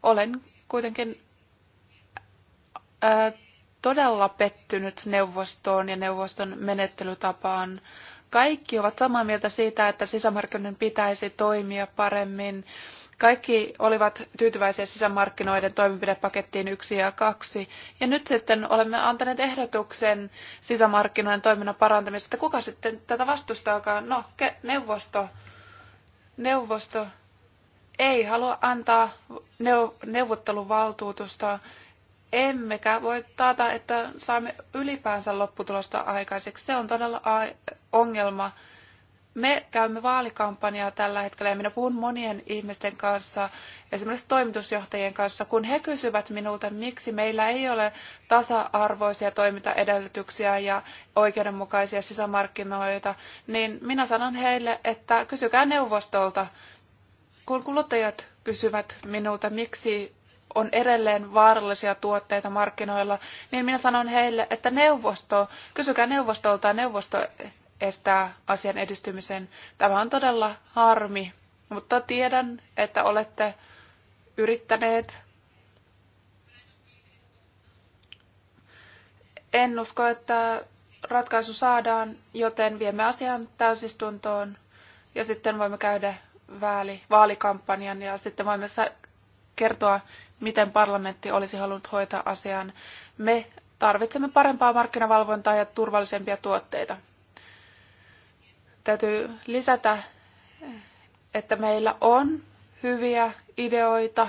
[SPEAKER 3] Olen kuitenkin ää, todella pettynyt neuvostoon ja neuvoston menettelytapaan. Kaikki ovat samaa mieltä siitä, että sisämarkkinoiden pitäisi toimia paremmin. Kaikki olivat tyytyväisiä sisämarkkinoiden toimenpidepakettiin yksi ja kaksi, Ja nyt sitten olemme antaneet ehdotuksen sisämarkkinoiden toiminnan parantamisesta. Kuka sitten tätä vastustaakaan? No, neuvosto neuvosto ei halua antaa neuvotteluvaltuutusta, emmekä voi taata, että saamme ylipäänsä lopputulosta aikaiseksi. Se on todella ongelma me käymme vaalikampanjaa tällä hetkellä ja minä puhun monien ihmisten kanssa, esimerkiksi toimitusjohtajien kanssa, kun he kysyvät minulta, miksi meillä ei ole tasa-arvoisia toimintaedellytyksiä ja oikeudenmukaisia sisämarkkinoita, niin minä sanon heille, että kysykää neuvostolta. Kun kuluttajat kysyvät minulta, miksi on edelleen vaarallisia tuotteita markkinoilla, niin minä sanon heille, että neuvosto, kysykää neuvostolta, neuvosto estää asian edistymisen. Tämä on todella harmi, mutta tiedän, että olette yrittäneet. En usko, että ratkaisu saadaan, joten viemme asian täysistuntoon ja sitten voimme käydä vaali, vaalikampanjan ja sitten voimme kertoa, miten parlamentti olisi halunnut hoitaa asian. Me tarvitsemme parempaa markkinavalvontaa ja turvallisempia tuotteita. Täytyy lisätä, että meillä on hyviä ideoita.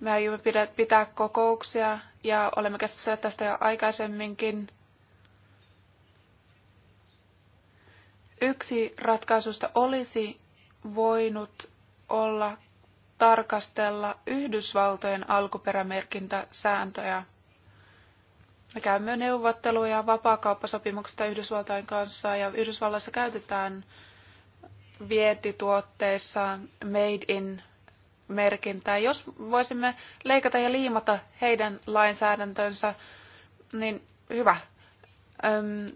[SPEAKER 3] Me aiomme pitää kokouksia ja olemme keskustelleet tästä jo aikaisemminkin. Yksi ratkaisusta olisi voinut olla tarkastella Yhdysvaltojen alkuperämerkintäsääntöjä. Me käymme neuvotteluja vapaakauppasopimuksesta Yhdysvaltain kanssa ja Yhdysvalloissa käytetään vientituotteissa made in merkintää. Jos voisimme leikata ja liimata heidän lainsäädäntönsä, niin hyvä. Öm,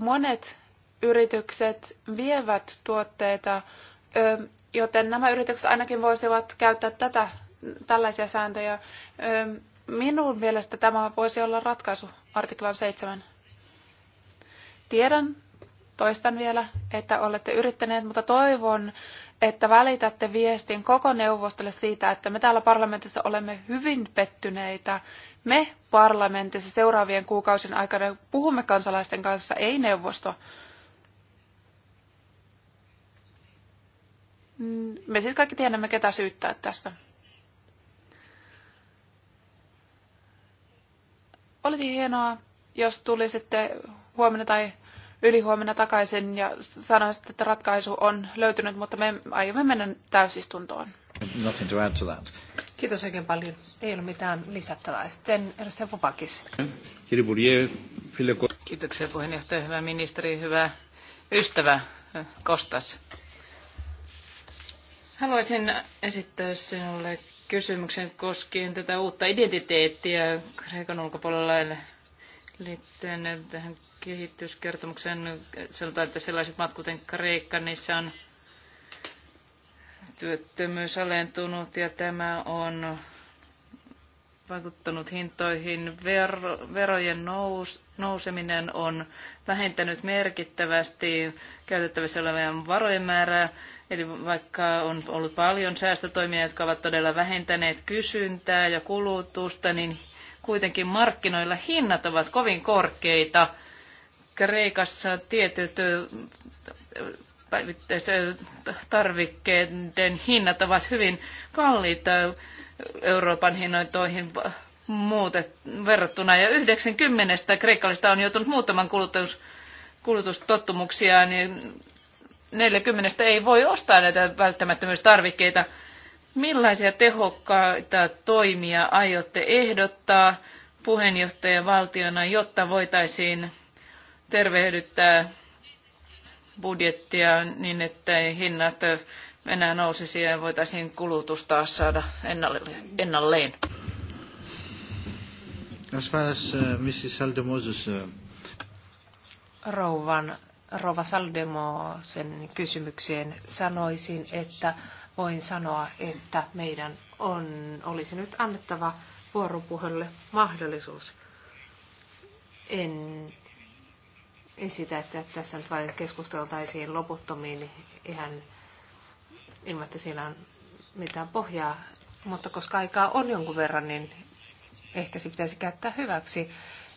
[SPEAKER 3] monet yritykset vievät tuotteita, öm, joten nämä yritykset ainakin voisivat käyttää tätä, tällaisia sääntöjä. Öm, Minun mielestä tämä voisi olla ratkaisu artiklan 7. Tiedän, toistan vielä, että olette yrittäneet, mutta toivon, että välitätte viestin koko neuvostolle siitä, että me täällä parlamentissa olemme hyvin pettyneitä. Me parlamentissa seuraavien kuukausien aikana puhumme kansalaisten kanssa, ei neuvosto. Mm, me siis kaikki tiedämme, ketä syyttää tästä. Olisi hienoa, jos tulisitte huomenna tai ylihuomenna takaisin ja sanoisitte, että ratkaisu on löytynyt, mutta me aiomme mennä täysistuntoon. Nothing to add to that. Kiitos oikein paljon. Ei ole mitään
[SPEAKER 2] lisättävää. Sitten edustaja Popakis.
[SPEAKER 1] Kiitoksia puheenjohtaja, hyvä ministeri, hyvä ystävä eh, Kostas. Haluaisin esittää sinulle kysymyksen koskien tätä uutta identiteettiä Kreikan ulkopuolella liittyen tähän kehityskertomukseen. Sanotaan, että sellaiset maat kuten Kreikka, niissä on työttömyys alentunut ja tämä on vaikuttanut hintoihin. Ver- verojen nous- nouseminen on vähentänyt merkittävästi käytettävissä olevien varojen määrää. Eli vaikka on ollut paljon säästötoimia, jotka ovat todella vähentäneet kysyntää ja kulutusta, niin kuitenkin markkinoilla hinnat ovat kovin korkeita. Kreikassa tietyt päivittäisen tarvikkeiden hinnat ovat hyvin kalliita Euroopan hinnointoihin muutet, verrattuna. Ja 90 kreikkalista on joutunut muuttamaan kulutus, kulutustottumuksiaan, niin 40 ei voi ostaa näitä välttämättömyystarvikkeita. Millaisia tehokkaita toimia aiotte ehdottaa puheenjohtajavaltiona, jotta voitaisiin tervehdyttää budjettia niin, että hinnat enää nousisi ja voitaisiin kulutus taas saada ennalleen.
[SPEAKER 2] As far as uh, Mrs. Saldemoses, uh... Rouvan, Rova sen kysymykseen sanoisin, että voin sanoa, että meidän on, olisi nyt annettava vuoropuhelle mahdollisuus. En esitä, että tässä nyt vain keskusteltaisiin loputtomiin ihan ilman, että siellä on mitään pohjaa. Mutta koska aikaa on jonkun verran, niin ehkä se pitäisi käyttää hyväksi.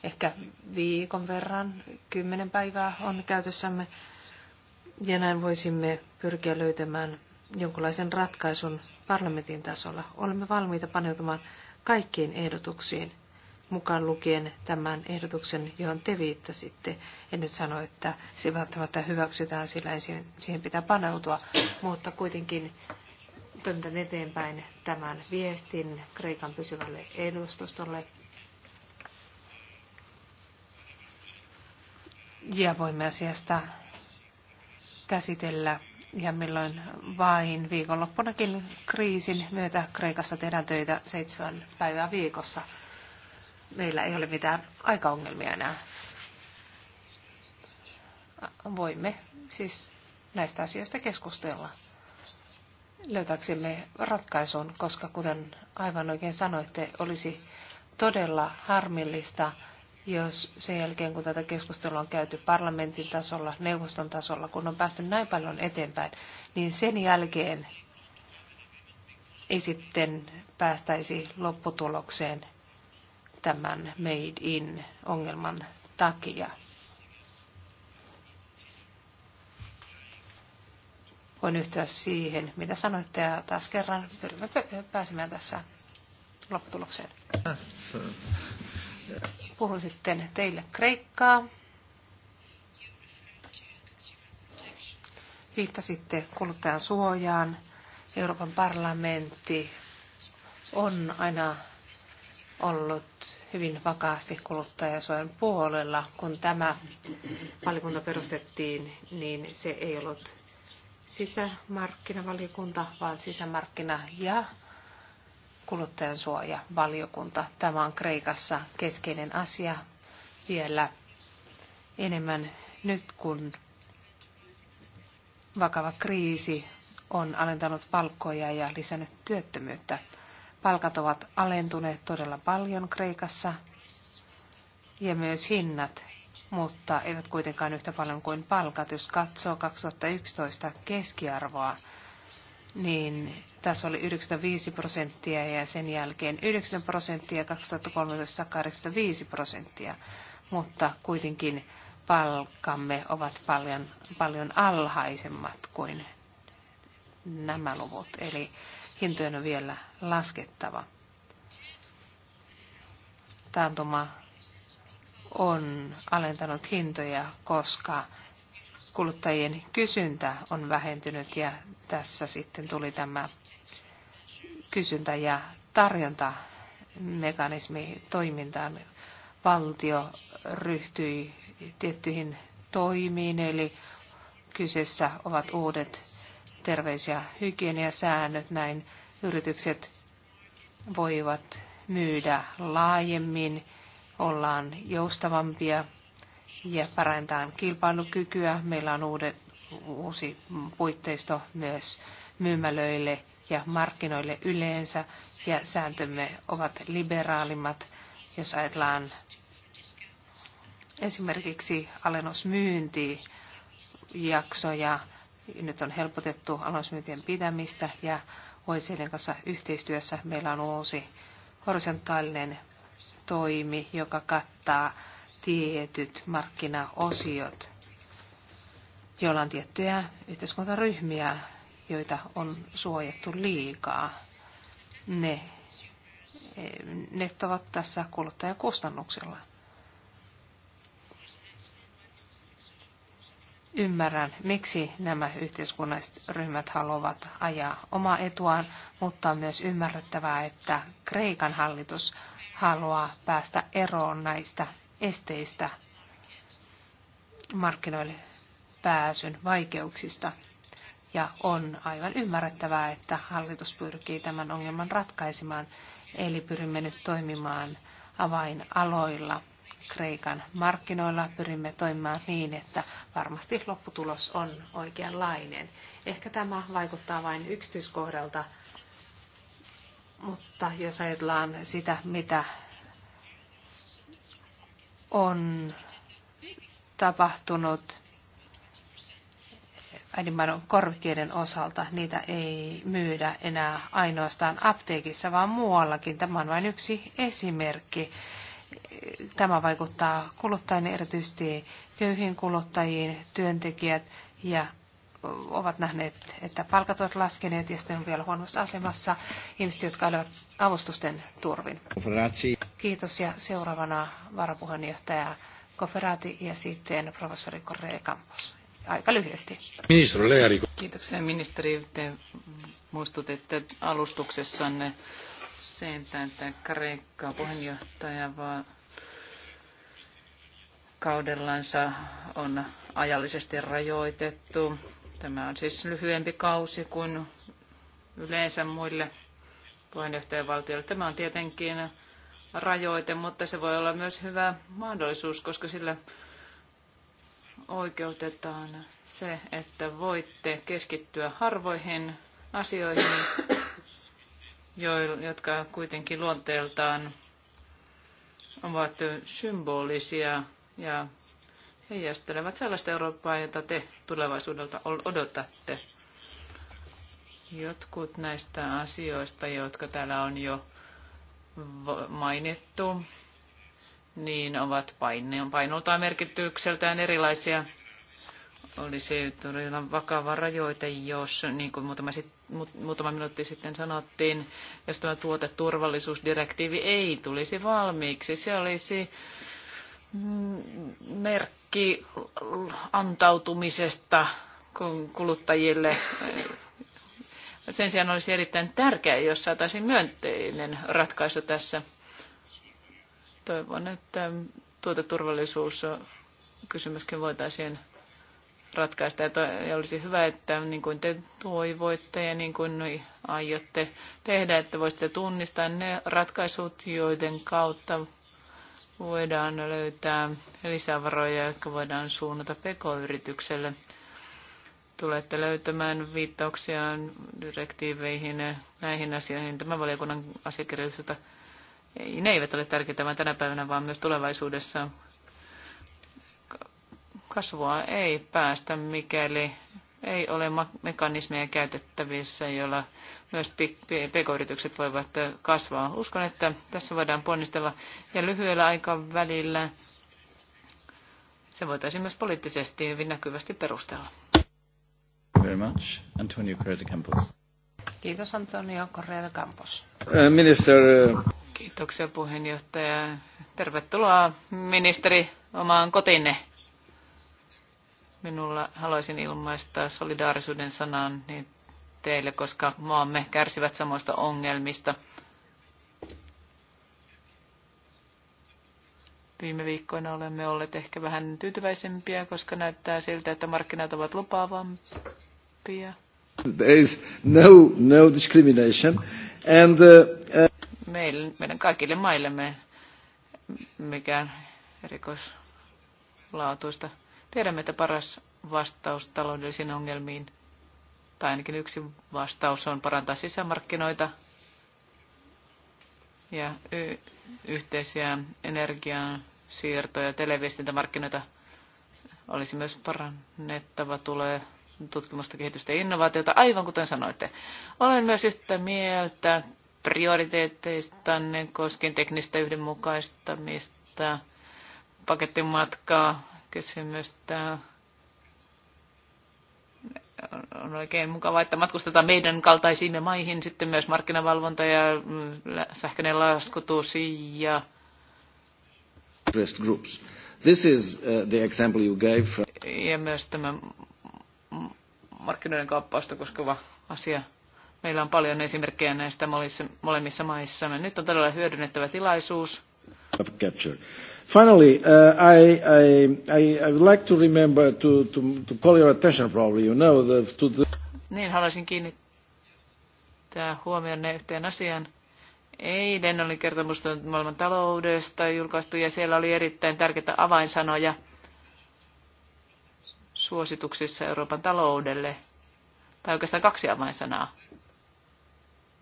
[SPEAKER 2] Ehkä viikon verran, kymmenen päivää on käytössämme. Ja näin voisimme pyrkiä löytämään jonkunlaisen ratkaisun parlamentin tasolla. Olemme valmiita paneutumaan kaikkiin ehdotuksiin, mukaan lukien tämän ehdotuksen, johon te viittasitte. En nyt sano, että se välttämättä hyväksytään, sillä siihen pitää paneutua, mutta kuitenkin toimitan eteenpäin tämän viestin Kreikan pysyvälle edustustolle. Ja voimme asiasta käsitellä ja milloin vain viikonloppunakin kriisin myötä Kreikassa tehdään töitä seitsemän päivää viikossa meillä ei ole mitään aikaongelmia enää. Voimme siis näistä asioista keskustella löytääksemme ratkaisun, koska kuten aivan oikein sanoitte, olisi todella harmillista, jos sen jälkeen, kun tätä keskustelua on käyty parlamentin tasolla, neuvoston tasolla, kun on päästy näin paljon eteenpäin, niin sen jälkeen ei sitten päästäisi lopputulokseen – tämän made in ongelman takia. Voin yhtyä siihen, mitä sanoitte, ja taas kerran pyrimme pääsemään tässä lopputulokseen. Puhun sitten teille Kreikkaa. Viittasitte kuluttajan suojaan. Euroopan parlamentti on aina ollut hyvin vakaasti kuluttajasuojan puolella. Kun tämä valiokunta perustettiin, niin se ei ollut sisämarkkinavaliokunta, vaan sisämarkkina- ja kuluttajansuojavaliokunta. Tämä on Kreikassa keskeinen asia vielä enemmän nyt, kun vakava kriisi on alentanut palkkoja ja lisännyt työttömyyttä. Palkat ovat alentuneet todella paljon Kreikassa ja myös hinnat, mutta eivät kuitenkaan yhtä paljon kuin palkat. Jos katsoo 2011 keskiarvoa, niin tässä oli 95 prosenttia ja sen jälkeen 9 prosenttia ja 2013 85 prosenttia, mutta kuitenkin palkamme ovat paljon, paljon alhaisemmat kuin nämä luvut. Eli hintojen on vielä laskettava. Taantuma on alentanut hintoja, koska kuluttajien kysyntä on vähentynyt ja tässä sitten tuli tämä kysyntä- ja tarjontamekanismi toimintaan. Valtio ryhtyi tiettyihin toimiin, eli kyseessä ovat uudet terveys- ja hygieniasäännöt. Näin yritykset voivat myydä laajemmin, ollaan joustavampia ja parantaan kilpailukykyä. Meillä on uudet, uusi puitteisto myös myymälöille ja markkinoille yleensä, ja sääntömme ovat liberaalimmat, jos ajatellaan esimerkiksi alennusmyyntijaksoja nyt on helpotettu alasmyyntien pitämistä ja OECDn kanssa yhteistyössä meillä on uusi horisontaalinen toimi, joka kattaa tietyt markkinaosiot, joilla on tiettyjä yhteiskuntaryhmiä, joita on suojattu liikaa. Ne, ne ovat tässä kuluttajakustannuksilla. ymmärrän, miksi nämä yhteiskunnalliset ryhmät haluavat ajaa omaa etuaan, mutta on myös ymmärrettävää, että Kreikan hallitus haluaa päästä eroon näistä esteistä markkinoille pääsyn vaikeuksista. Ja on aivan ymmärrettävää, että hallitus pyrkii tämän ongelman ratkaisemaan, eli pyrimme nyt toimimaan avainaloilla – Kreikan markkinoilla. Pyrimme toimimaan niin, että varmasti lopputulos on oikeanlainen. Ehkä tämä vaikuttaa vain yksityiskohdalta, mutta jos ajatellaan sitä, mitä on tapahtunut äidinmaidon korvikkeiden osalta, niitä ei myydä enää ainoastaan apteekissa, vaan muuallakin. Tämä on vain yksi esimerkki. Tämä vaikuttaa kuluttajien erityisesti köyhiin kuluttajiin, työntekijät ja ovat nähneet, että palkat ovat laskeneet ja sitten on vielä huonossa asemassa ihmiset, jotka olivat avustusten turvin. Kiitos ja seuraavana varapuheenjohtaja Koferaati ja sitten professori Correa Campos. Aika lyhyesti. Ministeri Kiitoksia ministeri. Te
[SPEAKER 1] muistutitte alustuksessanne siitä, tämä Kreikka puheenjohtaja vaan kaudellansa on ajallisesti rajoitettu. Tämä on siis lyhyempi kausi kuin yleensä muille puheenjohtajavaltioille. Tämä on tietenkin rajoite, mutta se voi olla myös hyvä mahdollisuus, koska sillä oikeutetaan se, että voitte keskittyä harvoihin asioihin jotka kuitenkin luonteeltaan ovat symbolisia ja heijastelevat sellaista Eurooppaa, jota te tulevaisuudelta odotatte. Jotkut näistä asioista, jotka täällä on jo mainittu, niin ovat painoltaan merkitykseltään erilaisia – oli se todella vakava rajoite, jos, niin kuin muutama, sit, muutama minuutti sitten sanottiin, jos tämä tuoteturvallisuusdirektiivi ei tulisi valmiiksi. Se olisi mm, merkki antautumisesta kuluttajille. Sen sijaan olisi erittäin tärkeää, jos saataisiin myönteinen ratkaisu tässä. Toivon, että tuoteturvallisuus kysymyskin voitaisiin ratkaista. Ja olisi hyvä, että niin kuin te toivoitte ja niin kuin aiotte tehdä, että voisitte tunnistaa ne ratkaisut, joiden kautta voidaan löytää lisävaroja, jotka voidaan suunnata pk-yritykselle. Tulette löytämään viittauksia direktiiveihin näihin asioihin tämän valiokunnan asiakirjallisuutta. Ne eivät ole tärkeitä vain tänä päivänä, vaan myös tulevaisuudessa Kasvua ei päästä, mikäli ei ole mekanismeja käytettävissä, joilla myös pk-yritykset voivat kasvaa. Uskon, että tässä voidaan ponnistella ja lyhyellä aikavälillä se voitaisiin myös poliittisesti hyvin näkyvästi perustella. Very much. Antonio Correa Campos. Kiitos Antonio Correa Campos. Eh, minister. Eh, Kiitoksia puheenjohtaja. Tervetuloa ministeri omaan kotiinne. Minulla haluaisin ilmaista solidaarisuuden sanan niin teille, koska maamme kärsivät samoista ongelmista. Viime viikkoina olemme olleet ehkä vähän tyytyväisempiä, koska näyttää siltä, että markkinat ovat lupaavampia.
[SPEAKER 2] There is no, no discrimination. And, uh, uh...
[SPEAKER 1] Meille, meidän kaikille maillemme mikään erikoislaatuista Tiedämme, että paras vastaus taloudellisiin ongelmiin, tai ainakin yksi vastaus on parantaa sisämarkkinoita ja y- yhteisiä energian siirtoja ja televiestintämarkkinoita olisi myös parannettava, tulee tutkimusta, kehitystä ja innovaatiota, aivan kuten sanoitte. Olen myös yhtä mieltä prioriteetteistanne koskien teknistä yhdenmukaistamista, pakettimatkaa, kysymystä. On oikein mukavaa, että matkustetaan meidän kaltaisiimme maihin. Sitten myös markkinavalvonta ja mm, sähköinen laskutus ja
[SPEAKER 2] groups. This is uh, the example you gave from...
[SPEAKER 1] Ja myös tämä markkinoiden kauppausta koskeva asia. Meillä on paljon esimerkkejä näistä molemmissa maissa. Nyt on todella hyödynnettävä tilaisuus
[SPEAKER 3] of capture. Finally, uh, I, I, I would like to remember
[SPEAKER 2] to, to, to call your attention probably, you know, the, to the...
[SPEAKER 1] Niin, haluaisin kiinnittää huomioon yhteen asiaan. Eilen oli kertomus maailman taloudesta julkaistu ja siellä oli erittäin tärkeitä avainsanoja suosituksissa Euroopan taloudelle. Tai oikeastaan kaksi avainsanaa.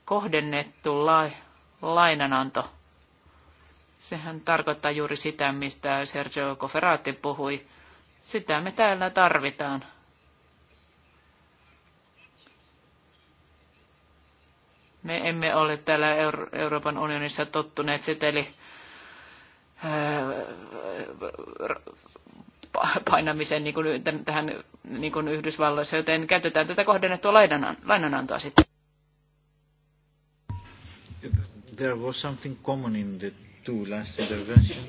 [SPEAKER 1] Kohdennettu la- lainananto Sehän tarkoittaa juuri sitä, mistä Sergio Coferati puhui. Sitä me täällä tarvitaan. Me emme ole täällä Euro- Euroopan unionissa tottuneet seteli painamiseen niin kuin, tähän niin kuin Yhdysvalloissa, joten käytetään tätä kohdennettua lainanantoa sitten. There was something common in the two
[SPEAKER 2] last intervention.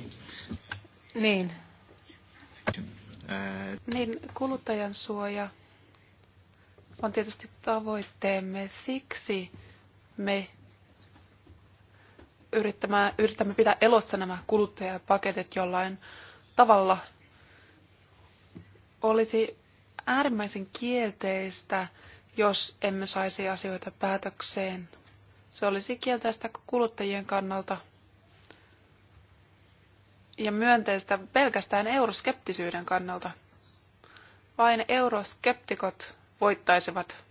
[SPEAKER 3] Niin. Niin, kuluttajan suoja on tietysti tavoitteemme. Siksi me yrittämme, yrittämme pitää elossa nämä kuluttajapaketit jollain tavalla. Olisi äärimmäisen kielteistä, jos emme saisi asioita päätökseen. Se olisi kielteistä kuluttajien kannalta ja myönteistä pelkästään euroskeptisyyden kannalta. Vain euroskeptikot voittaisivat,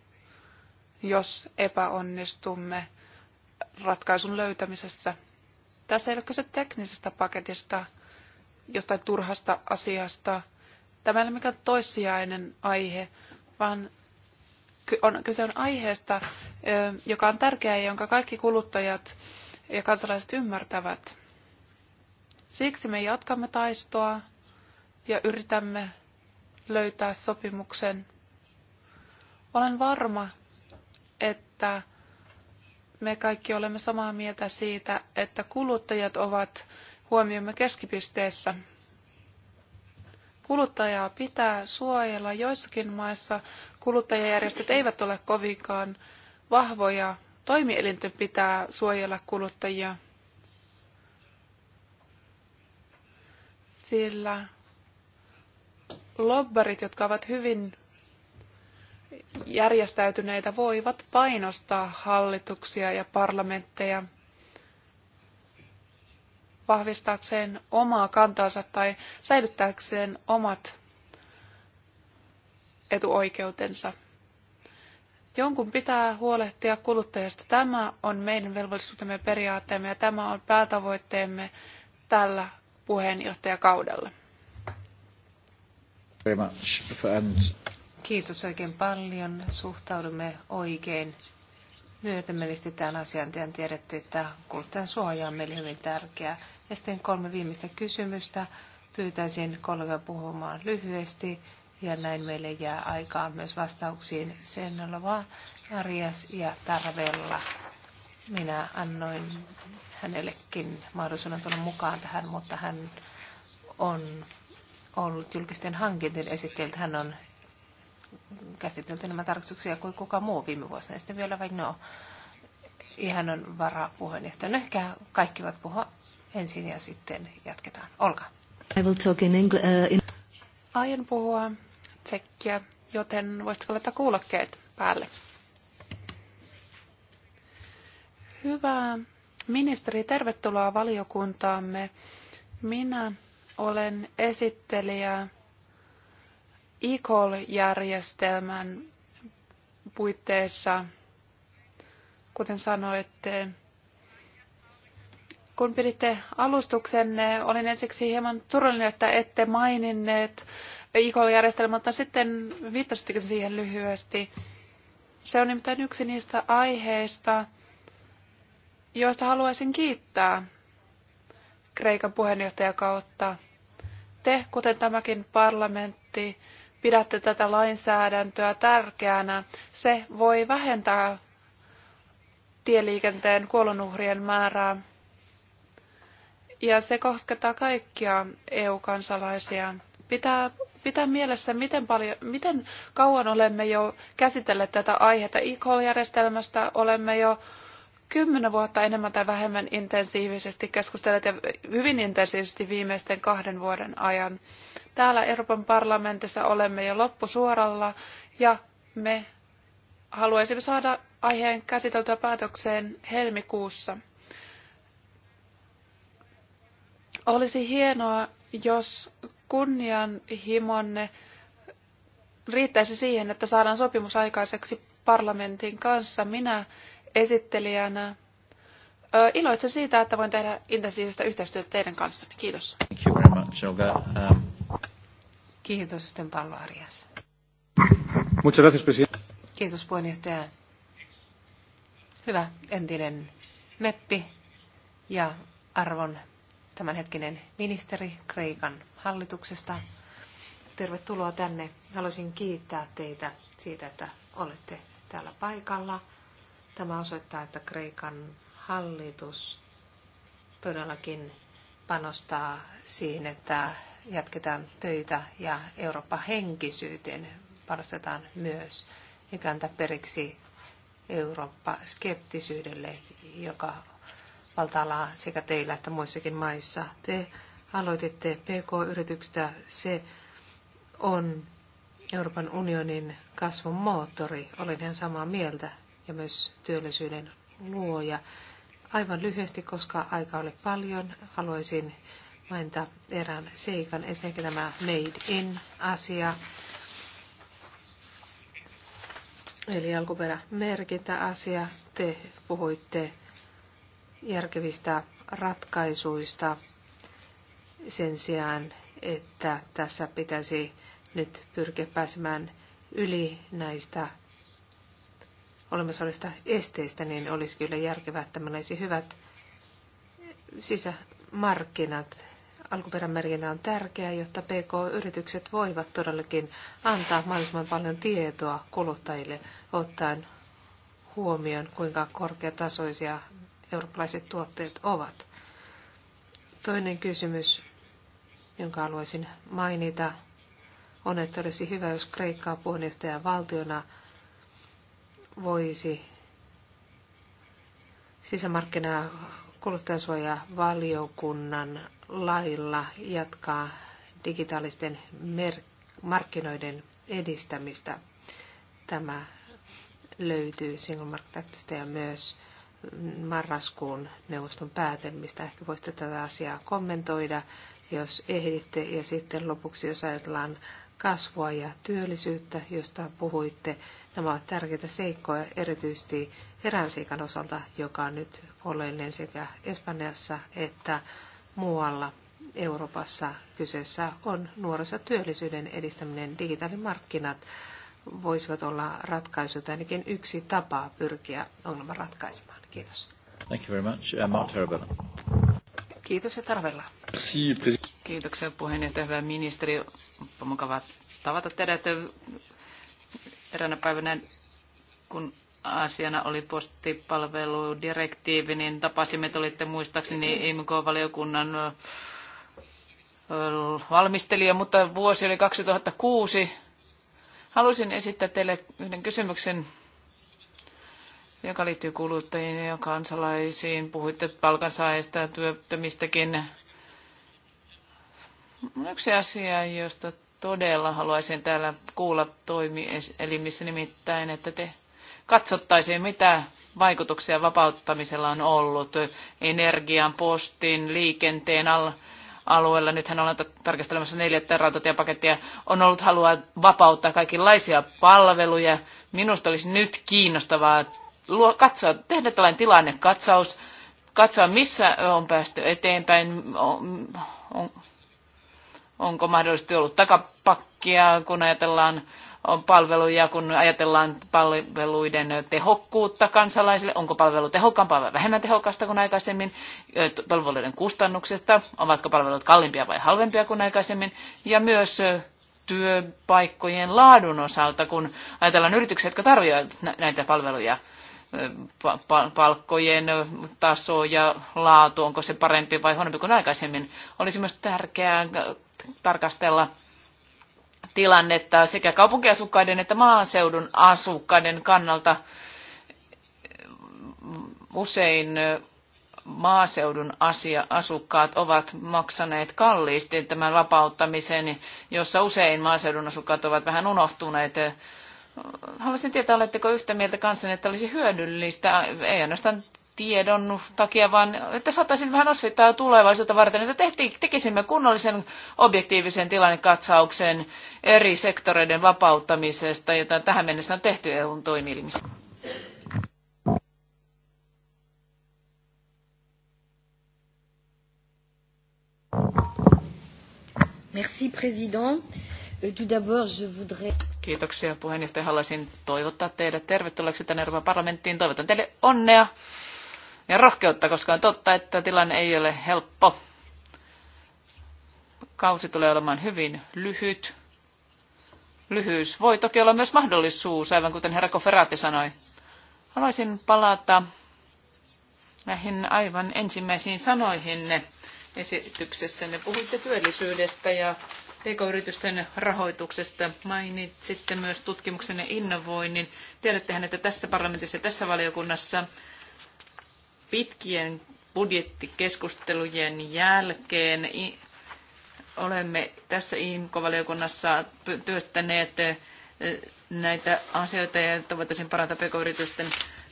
[SPEAKER 3] jos epäonnistumme ratkaisun löytämisessä. Tässä ei ole kyse teknisestä paketista, jostain turhasta asiasta. Tämä ei ole mikään toissijainen aihe, vaan on, kyse on aiheesta, joka on tärkeä ja jonka kaikki kuluttajat ja kansalaiset ymmärtävät. Siksi me jatkamme taistoa ja yritämme löytää sopimuksen. Olen varma, että me kaikki olemme samaa mieltä siitä, että kuluttajat ovat huomiomme keskipisteessä. Kuluttajaa pitää suojella. Joissakin maissa kuluttajajärjestöt eivät ole kovinkaan vahvoja. Toimielinten pitää suojella kuluttajia. sillä lobbarit, jotka ovat hyvin järjestäytyneitä, voivat painostaa hallituksia ja parlamentteja vahvistaakseen omaa kantaansa tai säilyttääkseen omat etuoikeutensa. Jonkun pitää huolehtia kuluttajasta. Tämä on meidän velvollisuutemme periaatteemme ja tämä on päätavoitteemme tällä puheenjohtajakaudella.
[SPEAKER 2] Kiitos oikein paljon. Suhtaudumme oikein myötämielisesti tämän asian. tiedätte, että kuluttajan suoja on meille hyvin tärkeää. Ja sitten kolme viimeistä kysymystä. Pyytäisin kollega puhumaan lyhyesti ja näin meille jää aikaa myös vastauksiin Sennalova, Arias ja Tarvella. Minä annoin hänellekin mahdollisuuden tulla mukaan tähän, mutta hän on ollut julkisten hankintien esittäjiltä. Hän on käsitelty nämä tarkastuksia kuin kuka muu viime vuosina. Ja sitten vielä vain no, ihan on puheenjohtaja. No ehkä kaikki voivat puhua ensin ja
[SPEAKER 3] sitten jatketaan. Olka.
[SPEAKER 2] I will talk in Engl- uh, in...
[SPEAKER 3] Aion puhua tsekkiä, joten voisitko laittaa kuulokkeet päälle? Hyvä ministeri, tervetuloa valiokuntaamme. Minä olen esittelijä ICOL-järjestelmän puitteissa, kuten sanoitte. Kun piditte alustuksenne, olin ensiksi hieman surullinen, että ette maininneet ICOL-järjestelmää, mutta sitten viittasittekin siihen lyhyesti. Se on nimittäin yksi niistä aiheista, joista haluaisin kiittää Kreikan puheenjohtajakautta. Te, kuten tämäkin parlamentti, pidätte tätä lainsäädäntöä tärkeänä. Se voi vähentää tieliikenteen kuolonuhrien määrää. Ja se koskettaa kaikkia EU-kansalaisia. Pitää pitää mielessä, miten, paljon, miten kauan olemme jo käsitelleet tätä aihetta. e järjestelmästä olemme jo kymmenen vuotta enemmän tai vähemmän intensiivisesti keskustelleet ja hyvin intensiivisesti viimeisten kahden vuoden ajan. Täällä Euroopan parlamentissa olemme jo loppusuoralla ja me haluaisimme saada aiheen käsiteltyä päätökseen helmikuussa. Olisi hienoa, jos kunnianhimonne riittäisi siihen, että saadaan sopimus aikaiseksi parlamentin kanssa. Minä esittelijänä. Iloitsen siitä, että voin tehdä intensiivistä yhteistyötä teidän kanssa. Kiitos.
[SPEAKER 2] Thank you
[SPEAKER 1] very much, Olga. Um...
[SPEAKER 3] Kiitos sitten Pablo
[SPEAKER 2] Arias. Muchas gracias, presidente. Kiitos puheenjohtaja. Hyvä entinen meppi ja arvon tämänhetkinen ministeri Kreikan hallituksesta. Tervetuloa tänne. Haluaisin kiittää teitä siitä, että olette täällä paikalla. Tämä osoittaa, että Kreikan hallitus todellakin panostaa siihen, että jatketaan töitä ja Eurooppa-henkisyyteen panostetaan myös, eikä antaa periksi Eurooppa-skeptisyydelle, joka valtaalaa sekä teillä että muissakin maissa. Te aloititte PK-yrityksestä, se on Euroopan unionin kasvun moottori. Olen ihan samaa mieltä ja myös työllisyyden luoja. Aivan lyhyesti, koska aika oli paljon, haluaisin mainita erään seikan. Ensinnäkin tämä made in asia, eli alkuperä merkintä asia. Te puhuitte järkevistä ratkaisuista sen sijaan, että tässä pitäisi nyt pyrkiä pääsemään yli näistä olemassa olevista esteistä, niin olisi kyllä järkevää, että meillä olisi hyvät sisämarkkinat. Alkuperämerkintä on tärkeää, jotta PK-yritykset voivat todellakin antaa mahdollisimman paljon tietoa kuluttajille, ottaen huomioon, kuinka korkeatasoisia eurooppalaiset tuotteet ovat. Toinen kysymys, jonka haluaisin mainita, on, että olisi hyvä, jos Kreikkaa puheenjohtajan valtiona – voisi sisämarkkina- kuluttajasuojavaliokunnan lailla jatkaa digitaalisten markkinoiden edistämistä. Tämä löytyy Single Market Actista ja myös marraskuun neuvoston päätelmistä. Ehkä voisitte tätä asiaa kommentoida, jos ehditte. Ja sitten lopuksi, jos ajatellaan kasvua ja työllisyyttä, josta puhuitte. Nämä ovat tärkeitä seikkoja erityisesti erään osalta, joka on nyt oleellinen sekä Espanjassa että muualla Euroopassa. Kyseessä on nuorissa työllisyyden edistäminen. Digitaalimarkkinat voisivat olla ratkaisu tai ainakin yksi tapa pyrkiä ongelman ratkaisemaan. Kiitos.
[SPEAKER 3] Thank you very much. Uh, Mark Tarabella.
[SPEAKER 2] Kiitos ja Tarvella.
[SPEAKER 3] Merci,
[SPEAKER 1] Kiitoksia puheenjohtaja, hyvä ministeri. Onpa mukava tavata teidät eräänä päivänä, kun asiana oli postipalveludirektiivi, niin tapasimme, että olitte muistaakseni IMK-valiokunnan valmistelija, mutta vuosi oli 2006. Haluaisin esittää teille yhden kysymyksen, joka liittyy kuluttajiin ja kansalaisiin. Puhuitte palkansaajista ja työttömistäkin. Yksi asia, josta todella haluaisin täällä kuulla toimielimissä nimittäin, että te katsottaisiin, mitä vaikutuksia vapauttamisella on ollut energian, postin, liikenteen al- alueella. Nythän ollaan tarkastelemassa neljättä rautatiepakettia. On ollut halua vapauttaa kaikenlaisia palveluja. Minusta olisi nyt kiinnostavaa luo, katsoa, tehdä tällainen tilannekatsaus, katsoa missä on päästy eteenpäin, on, on, Onko mahdollisesti ollut takapakkia, kun ajatellaan on palveluja, kun ajatellaan palveluiden tehokkuutta kansalaisille, onko palvelu tehokkaampaa vai vähemmän tehokasta kuin aikaisemmin, palveluiden kustannuksesta, ovatko palvelut kalliimpia vai halvempia kuin aikaisemmin, ja myös työpaikkojen laadun osalta, kun ajatellaan yrityksiä, jotka tarvitsevat näitä palveluja, palkkojen taso ja laatu, onko se parempi vai huonompi kuin aikaisemmin. Olisi myös tärkeää tarkastella tilannetta sekä kaupunkiasukkaiden että maaseudun asukkaiden kannalta. Usein maaseudun asia, asukkaat ovat maksaneet kalliisti tämän vapauttamisen, jossa usein maaseudun asukkaat ovat vähän unohtuneet. Haluaisin tietää, oletteko yhtä mieltä kanssani, että olisi hyödyllistä, ei ainoastaan tiedon takia, vaan että saataisiin vähän osvittaa tulevaisuutta varten, että tehtiin, tekisimme kunnollisen objektiivisen tilannekatsauksen eri sektoreiden vapauttamisesta, jota tähän mennessä on tehty EUn toimielimissä. Merci, président. Euh, tout d'abord, je voudrais... Kiitoksia puheenjohtaja. Haluaisin toivottaa teidät tervetulleeksi tänne Euroopan parlamenttiin. Toivotan teille onnea ja rohkeutta, koska on totta, että tilanne ei ole helppo. Kausi tulee olemaan hyvin lyhyt. Lyhyys voi toki olla myös mahdollisuus, aivan kuten herra Koferati sanoi. Haluaisin palata näihin aivan ensimmäisiin sanoihinne Ne Puhuitte työllisyydestä ja pk-yritysten rahoituksesta. Mainitsitte myös tutkimuksen ja innovoinnin. Tiedättehän, että tässä parlamentissa ja tässä valiokunnassa pitkien budjettikeskustelujen jälkeen olemme tässä IMKO-valiokunnassa työstäneet näitä asioita ja että voitaisiin parantaa pk-yritysten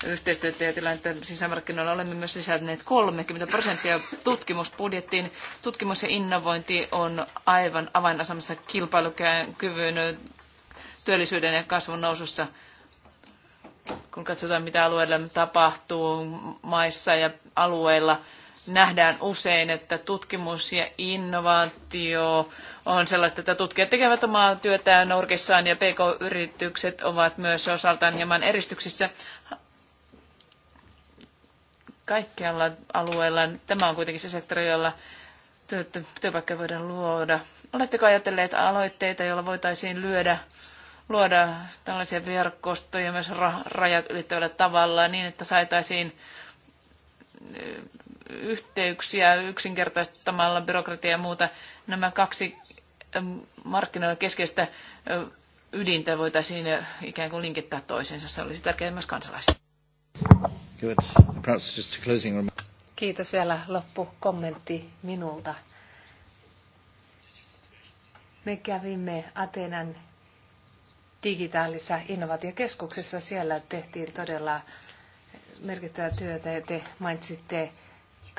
[SPEAKER 1] yhteistyötä ja tilannetta sisämarkkinoilla. Olemme myös lisänneet 30 prosenttia tutkimusbudjettiin. Tutkimus ja innovointi on aivan avainasemassa kilpailukyvyn, työllisyyden ja kasvun nousussa kun katsotaan mitä alueella tapahtuu maissa ja alueilla, nähdään usein, että tutkimus ja innovaatio on sellaista, että tutkijat tekevät omaa työtään nurkissaan ja pk-yritykset ovat myös osaltaan hieman eristyksissä. Kaikkialla alueella tämä on kuitenkin se sektori, jolla työpaikkoja voidaan luoda. Oletteko ajatelleet aloitteita, joilla voitaisiin lyödä luoda tällaisia verkostoja myös rajat ylittävällä tavalla niin, että saataisiin eh, yhteyksiä yksinkertaistamalla byrokratiaa ja muuta. Nämä kaksi markkinoilla keskeistä eh, ydintä voitaisiin eh, ikään kuin linkittää toisiinsa. Se olisi tärkeää myös kansalaisille.
[SPEAKER 2] Kiitos vielä loppukommentti minulta. Me kävimme Atenan digitaalisessa innovaatiokeskuksessa. Siellä tehtiin todella merkittävää työtä ja te mainitsitte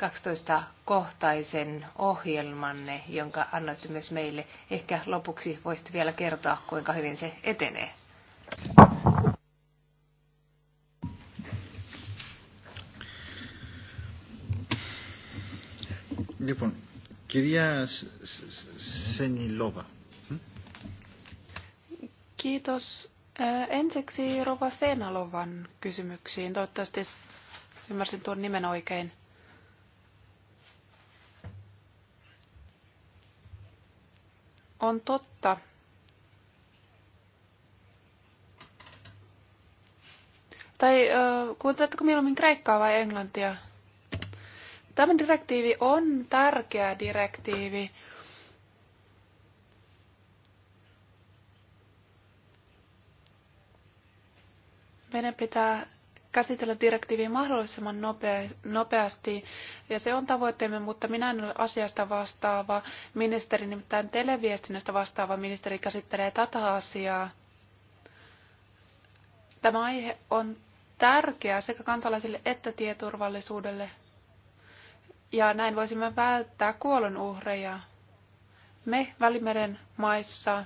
[SPEAKER 2] 12-kohtaisen ohjelmanne, jonka annoitte myös meille. Ehkä lopuksi voisitte vielä kertoa, kuinka hyvin se etenee.
[SPEAKER 1] Kirja Senilova. Σενιλόβα.
[SPEAKER 3] Kiitos. Ensiksi Rova Senalovan kysymyksiin. Toivottavasti ymmärsin tuon nimen oikein. On totta, Tai äh, kuuntelatteko mieluummin kreikkaa vai englantia? Tämä direktiivi on tärkeä direktiivi, Meidän pitää käsitellä direktiiviä mahdollisimman nopeasti, ja se on tavoitteemme, mutta minä en ole asiasta vastaava ministeri, nimittäin televiestinnästä vastaava ministeri käsittelee tätä asiaa. Tämä aihe on tärkeä sekä kansalaisille että tieturvallisuudelle, ja näin voisimme välttää kuolonuhreja. Me Välimeren maissa,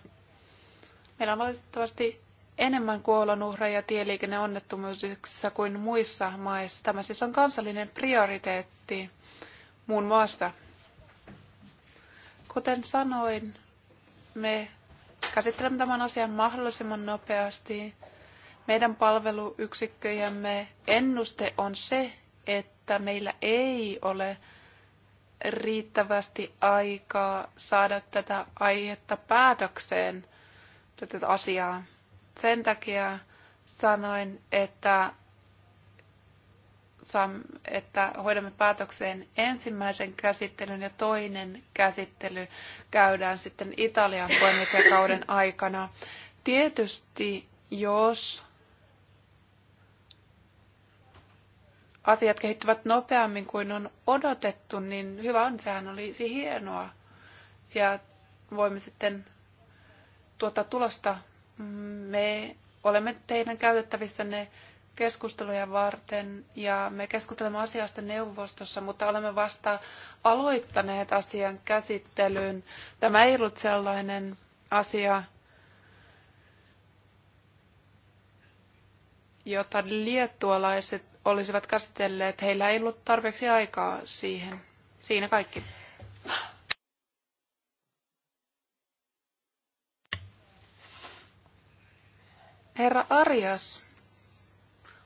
[SPEAKER 3] meillä on valitettavasti enemmän kuolonuhreja tieliikenneonnettomuuksissa kuin muissa maissa. Tämä siis on kansallinen prioriteetti muun muassa. Kuten sanoin, me käsittelemme tämän asian mahdollisimman nopeasti. Meidän palveluyksikköjemme ennuste on se, että meillä ei ole riittävästi aikaa saada tätä aihetta päätökseen, tätä asiaa. Sen takia sanoin, että, että hoidamme päätökseen ensimmäisen käsittelyn ja toinen käsittely käydään sitten Italian puheenjohtajakauden aikana. Tietysti jos asiat kehittyvät nopeammin kuin on odotettu, niin hyvä on, sehän olisi hienoa. Ja voimme sitten tuottaa tulosta me olemme teidän käytettävissänne keskusteluja varten ja me keskustelemme asiasta neuvostossa, mutta olemme vasta aloittaneet asian käsittelyn. Tämä ei ollut sellainen asia, jota liettualaiset olisivat käsitelleet. Heillä ei ollut tarpeeksi aikaa siihen. Siinä kaikki. Herra Arias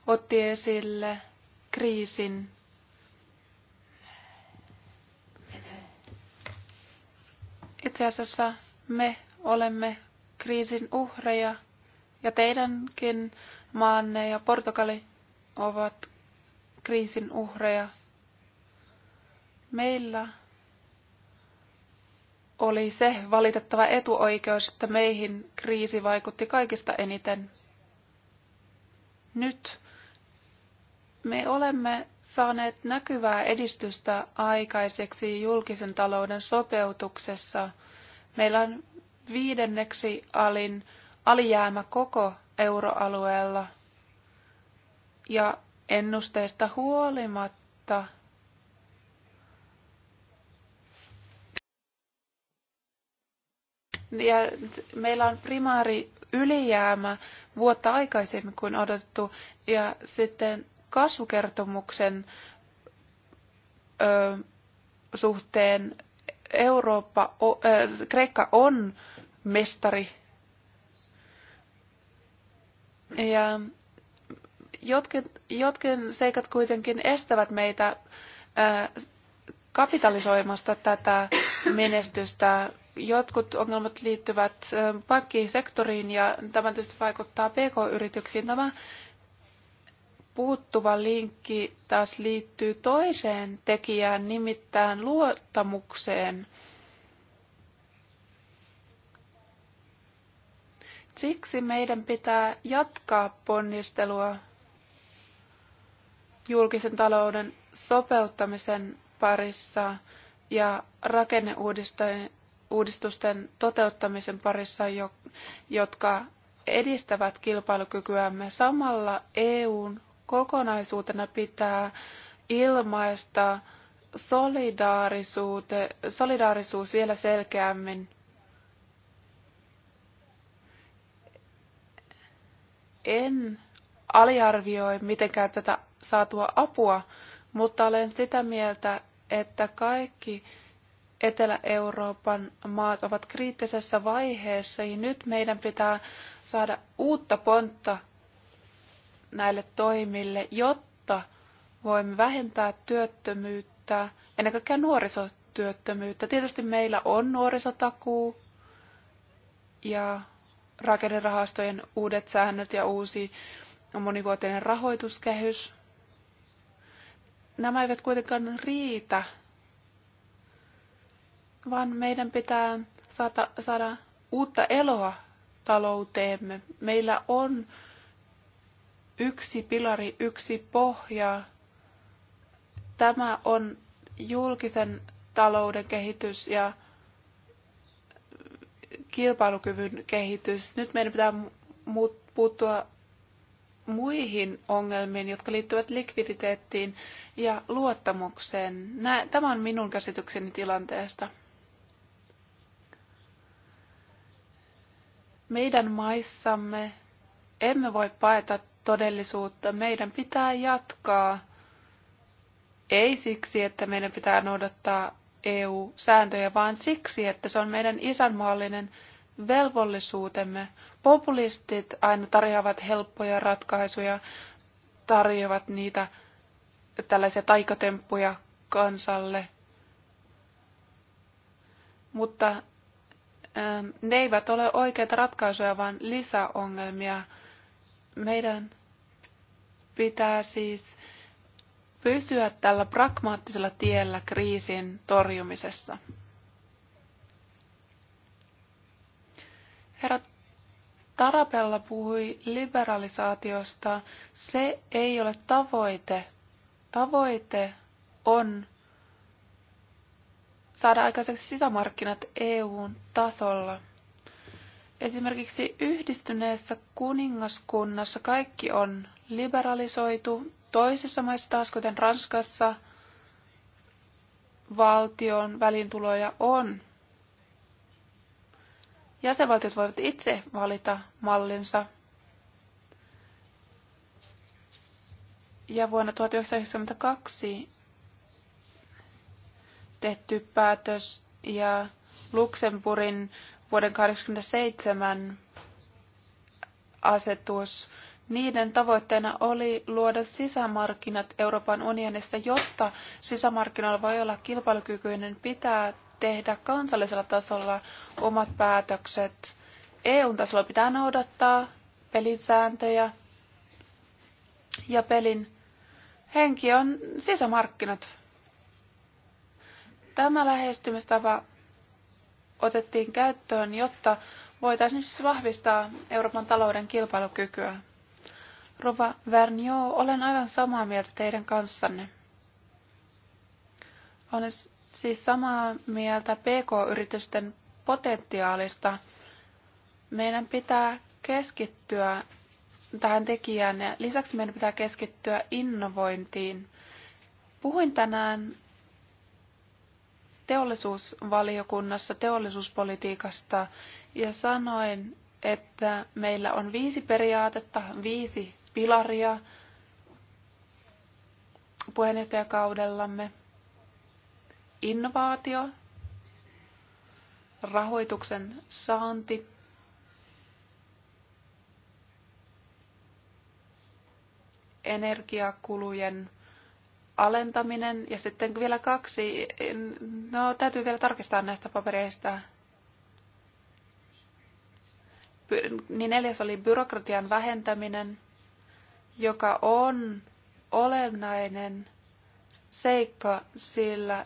[SPEAKER 3] otti esille kriisin Itse asiassa me olemme kriisin uhreja ja teidänkin maanne ja Portugali ovat kriisin uhreja. Meillä oli se valitettava etuoikeus, että meihin kriisi vaikutti kaikista eniten. Nyt me olemme saaneet näkyvää edistystä aikaiseksi julkisen talouden sopeutuksessa. Meillä on viidenneksi alin alijäämä koko euroalueella. Ja ennusteista huolimatta ja meillä on primaari ylijäämä vuotta aikaisemmin kuin odotettu. Ja sitten kasvukertomuksen ö, suhteen Eurooppa, ö, Kreikka on mestari. Ja jotkin, jotkin seikat kuitenkin estävät meitä ö, kapitalisoimasta tätä menestystä jotkut ongelmat liittyvät pankkisektoriin ja tämä tietysti vaikuttaa pk-yrityksiin. Tämä puuttuva linkki taas liittyy toiseen tekijään, nimittäin luottamukseen. Siksi meidän pitää jatkaa ponnistelua julkisen talouden sopeuttamisen parissa ja rakenneuudistajien uudistusten toteuttamisen parissa, jotka edistävät kilpailukykyämme. Samalla EUn kokonaisuutena pitää ilmaista solidaarisuus vielä selkeämmin. En aliarvioi mitenkään tätä saatua apua, mutta olen sitä mieltä, että kaikki Etelä-Euroopan maat ovat kriittisessä vaiheessa ja nyt meidän pitää saada uutta pontta näille toimille, jotta voimme vähentää työttömyyttä, ennen kaikkea nuorisotyöttömyyttä. Tietysti meillä on nuorisotakuu ja rakennerahastojen uudet säännöt ja uusi monivuotinen rahoituskehys. Nämä eivät kuitenkaan riitä vaan meidän pitää saada, saada uutta eloa talouteemme. Meillä on yksi pilari, yksi pohja. Tämä on julkisen talouden kehitys ja kilpailukyvyn kehitys. Nyt meidän pitää puuttua muihin ongelmiin, jotka liittyvät likviditeettiin ja luottamukseen. Tämä on minun käsitykseni tilanteesta. Meidän maissamme emme voi paeta todellisuutta. Meidän pitää jatkaa. Ei siksi, että meidän pitää noudattaa EU-sääntöjä, vaan siksi, että se on meidän isänmaallinen velvollisuutemme. Populistit aina tarjoavat helppoja ratkaisuja, tarjoavat niitä tällaisia taikatemppuja kansalle. Mutta ne eivät ole oikeita ratkaisuja, vaan lisäongelmia. Meidän pitää siis pysyä tällä pragmaattisella tiellä kriisin torjumisessa. Herra Tarapella puhui liberalisaatiosta. Se ei ole tavoite. Tavoite on saada aikaiseksi sisämarkkinat EUn tasolla. Esimerkiksi yhdistyneessä kuningaskunnassa kaikki on liberalisoitu, toisissa maissa taas, kuten Ranskassa, valtion välintuloja on. Jäsenvaltiot voivat itse valita mallinsa. Ja vuonna 1992 tehty päätös ja Luxemburgin vuoden 1987 asetus. Niiden tavoitteena oli luoda sisämarkkinat Euroopan unionissa, jotta sisämarkkinoilla voi olla kilpailukykyinen, pitää tehdä kansallisella tasolla omat päätökset. EU-tasolla pitää noudattaa pelisääntöjä ja pelin henki on sisämarkkinat. Tämä lähestymistapa otettiin käyttöön, jotta voitaisiin siis vahvistaa Euroopan talouden kilpailukykyä. Rova Vernio, olen aivan samaa mieltä teidän kanssanne. Olen siis samaa mieltä PK-yritysten potentiaalista. Meidän pitää keskittyä tähän tekijään ja lisäksi meidän pitää keskittyä innovointiin. Puhuin tänään teollisuusvaliokunnassa teollisuuspolitiikasta ja sanoin, että meillä on viisi periaatetta, viisi pilaria puheenjohtajakaudellamme. Innovaatio, rahoituksen saanti, energiakulujen alentaminen ja sitten vielä kaksi. No, täytyy vielä tarkistaa näistä papereista. Niin neljäs oli byrokratian vähentäminen, joka on olennainen seikka, sillä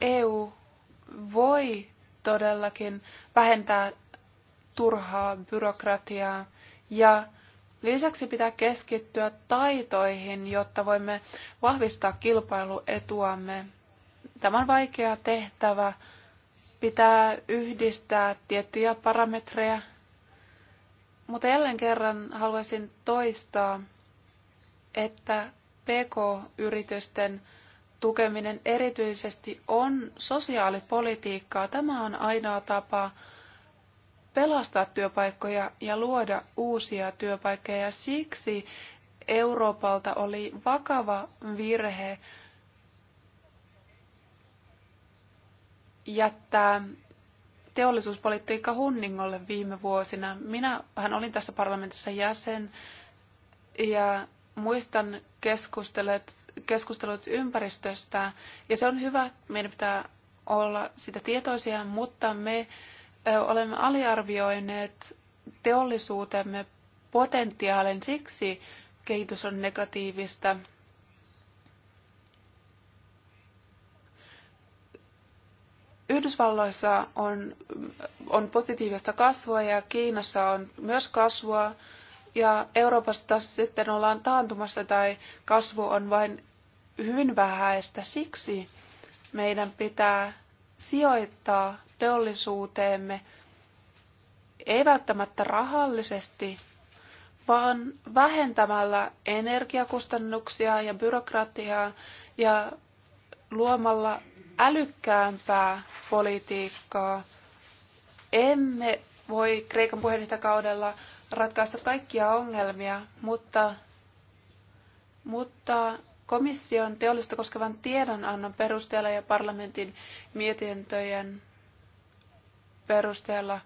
[SPEAKER 3] EU voi todellakin vähentää turhaa byrokratiaa ja Lisäksi pitää keskittyä taitoihin, jotta voimme vahvistaa kilpailuetuamme. Tämä on vaikea tehtävä. Pitää yhdistää tiettyjä parametreja. Mutta jälleen kerran haluaisin toistaa, että PK-yritysten tukeminen erityisesti on sosiaalipolitiikkaa. Tämä on ainoa tapa pelastaa työpaikkoja ja luoda uusia työpaikkoja. Ja siksi Euroopalta oli vakava virhe jättää teollisuuspolitiikka hunningolle viime vuosina. Minähän olin tässä parlamentissa jäsen ja muistan keskustelut, keskustelut ympäristöstä. Ja se on hyvä, meidän pitää olla sitä tietoisia, mutta me olemme aliarvioineet teollisuutemme potentiaalin, siksi kehitys on negatiivista. Yhdysvalloissa on, on positiivista kasvua ja Kiinassa on myös kasvua ja Euroopassa taas sitten ollaan taantumassa tai kasvu on vain hyvin vähäistä. Siksi meidän pitää sijoittaa teollisuuteemme, ei välttämättä rahallisesti, vaan vähentämällä energiakustannuksia ja byrokratiaa ja luomalla älykkäämpää politiikkaa. Emme voi Kreikan puheenjohtajakaudella ratkaista kaikkia ongelmia, mutta, mutta komission teollista koskevan tiedonannon perusteella ja parlamentin mietintöjen perusteella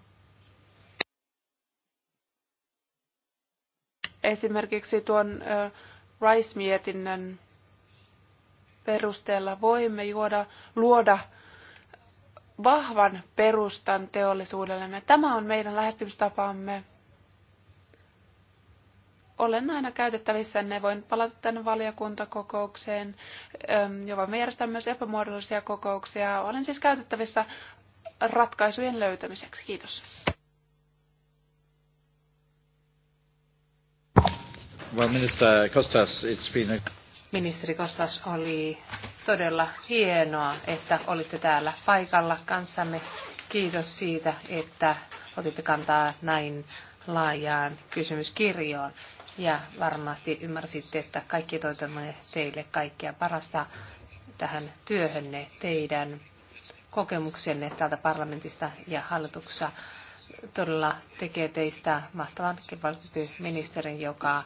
[SPEAKER 3] esimerkiksi tuon rice mietinnön perusteella voimme juoda, luoda vahvan perustan teollisuudellemme. Tämä on meidän lähestymistapamme. Olen aina käytettävissä, ne voin palata tänne valiokuntakokoukseen, ja me järjestämme myös epämuodollisia kokouksia. Olen siis käytettävissä ratkaisujen löytämiseksi. Kiitos.
[SPEAKER 1] Well, Minister Kostas, it's been a...
[SPEAKER 2] Ministeri Kostas, oli todella hienoa, että olitte täällä paikalla kanssamme. Kiitos siitä, että otitte kantaa näin laajaan kysymyskirjoon. Ja varmasti ymmärsitte, että kaikki toitamme teille kaikkea parasta tähän työhönne teidän kokemuksenne täältä parlamentista ja hallituksessa todella tekee teistä mahtavan kilpailukykyministerin, joka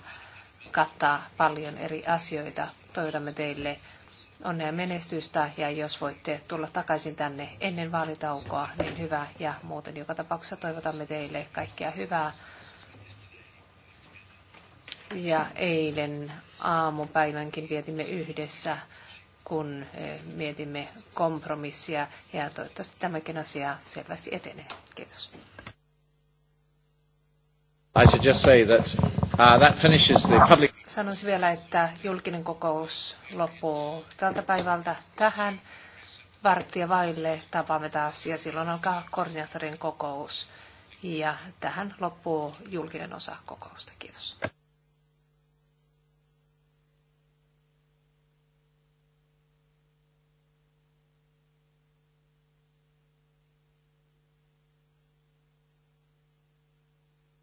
[SPEAKER 2] kattaa paljon eri asioita. Toivotamme teille onnea menestystä ja jos voitte tulla takaisin tänne ennen vaalitaukoa, niin hyvä ja muuten joka tapauksessa toivotamme teille kaikkea hyvää. Ja eilen aamupäivänkin vietimme yhdessä kun eh, mietimme kompromissia ja toivottavasti tämäkin asia selvästi etenee. Kiitos.
[SPEAKER 1] I should just say that, uh, that finishes the public...
[SPEAKER 2] Sanoisin vielä, että julkinen kokous loppuu tältä päivältä tähän varttia vaille. Tapaamme taas ja silloin alkaa koordinaattorin kokous. Ja tähän loppuu julkinen osa kokousta. Kiitos.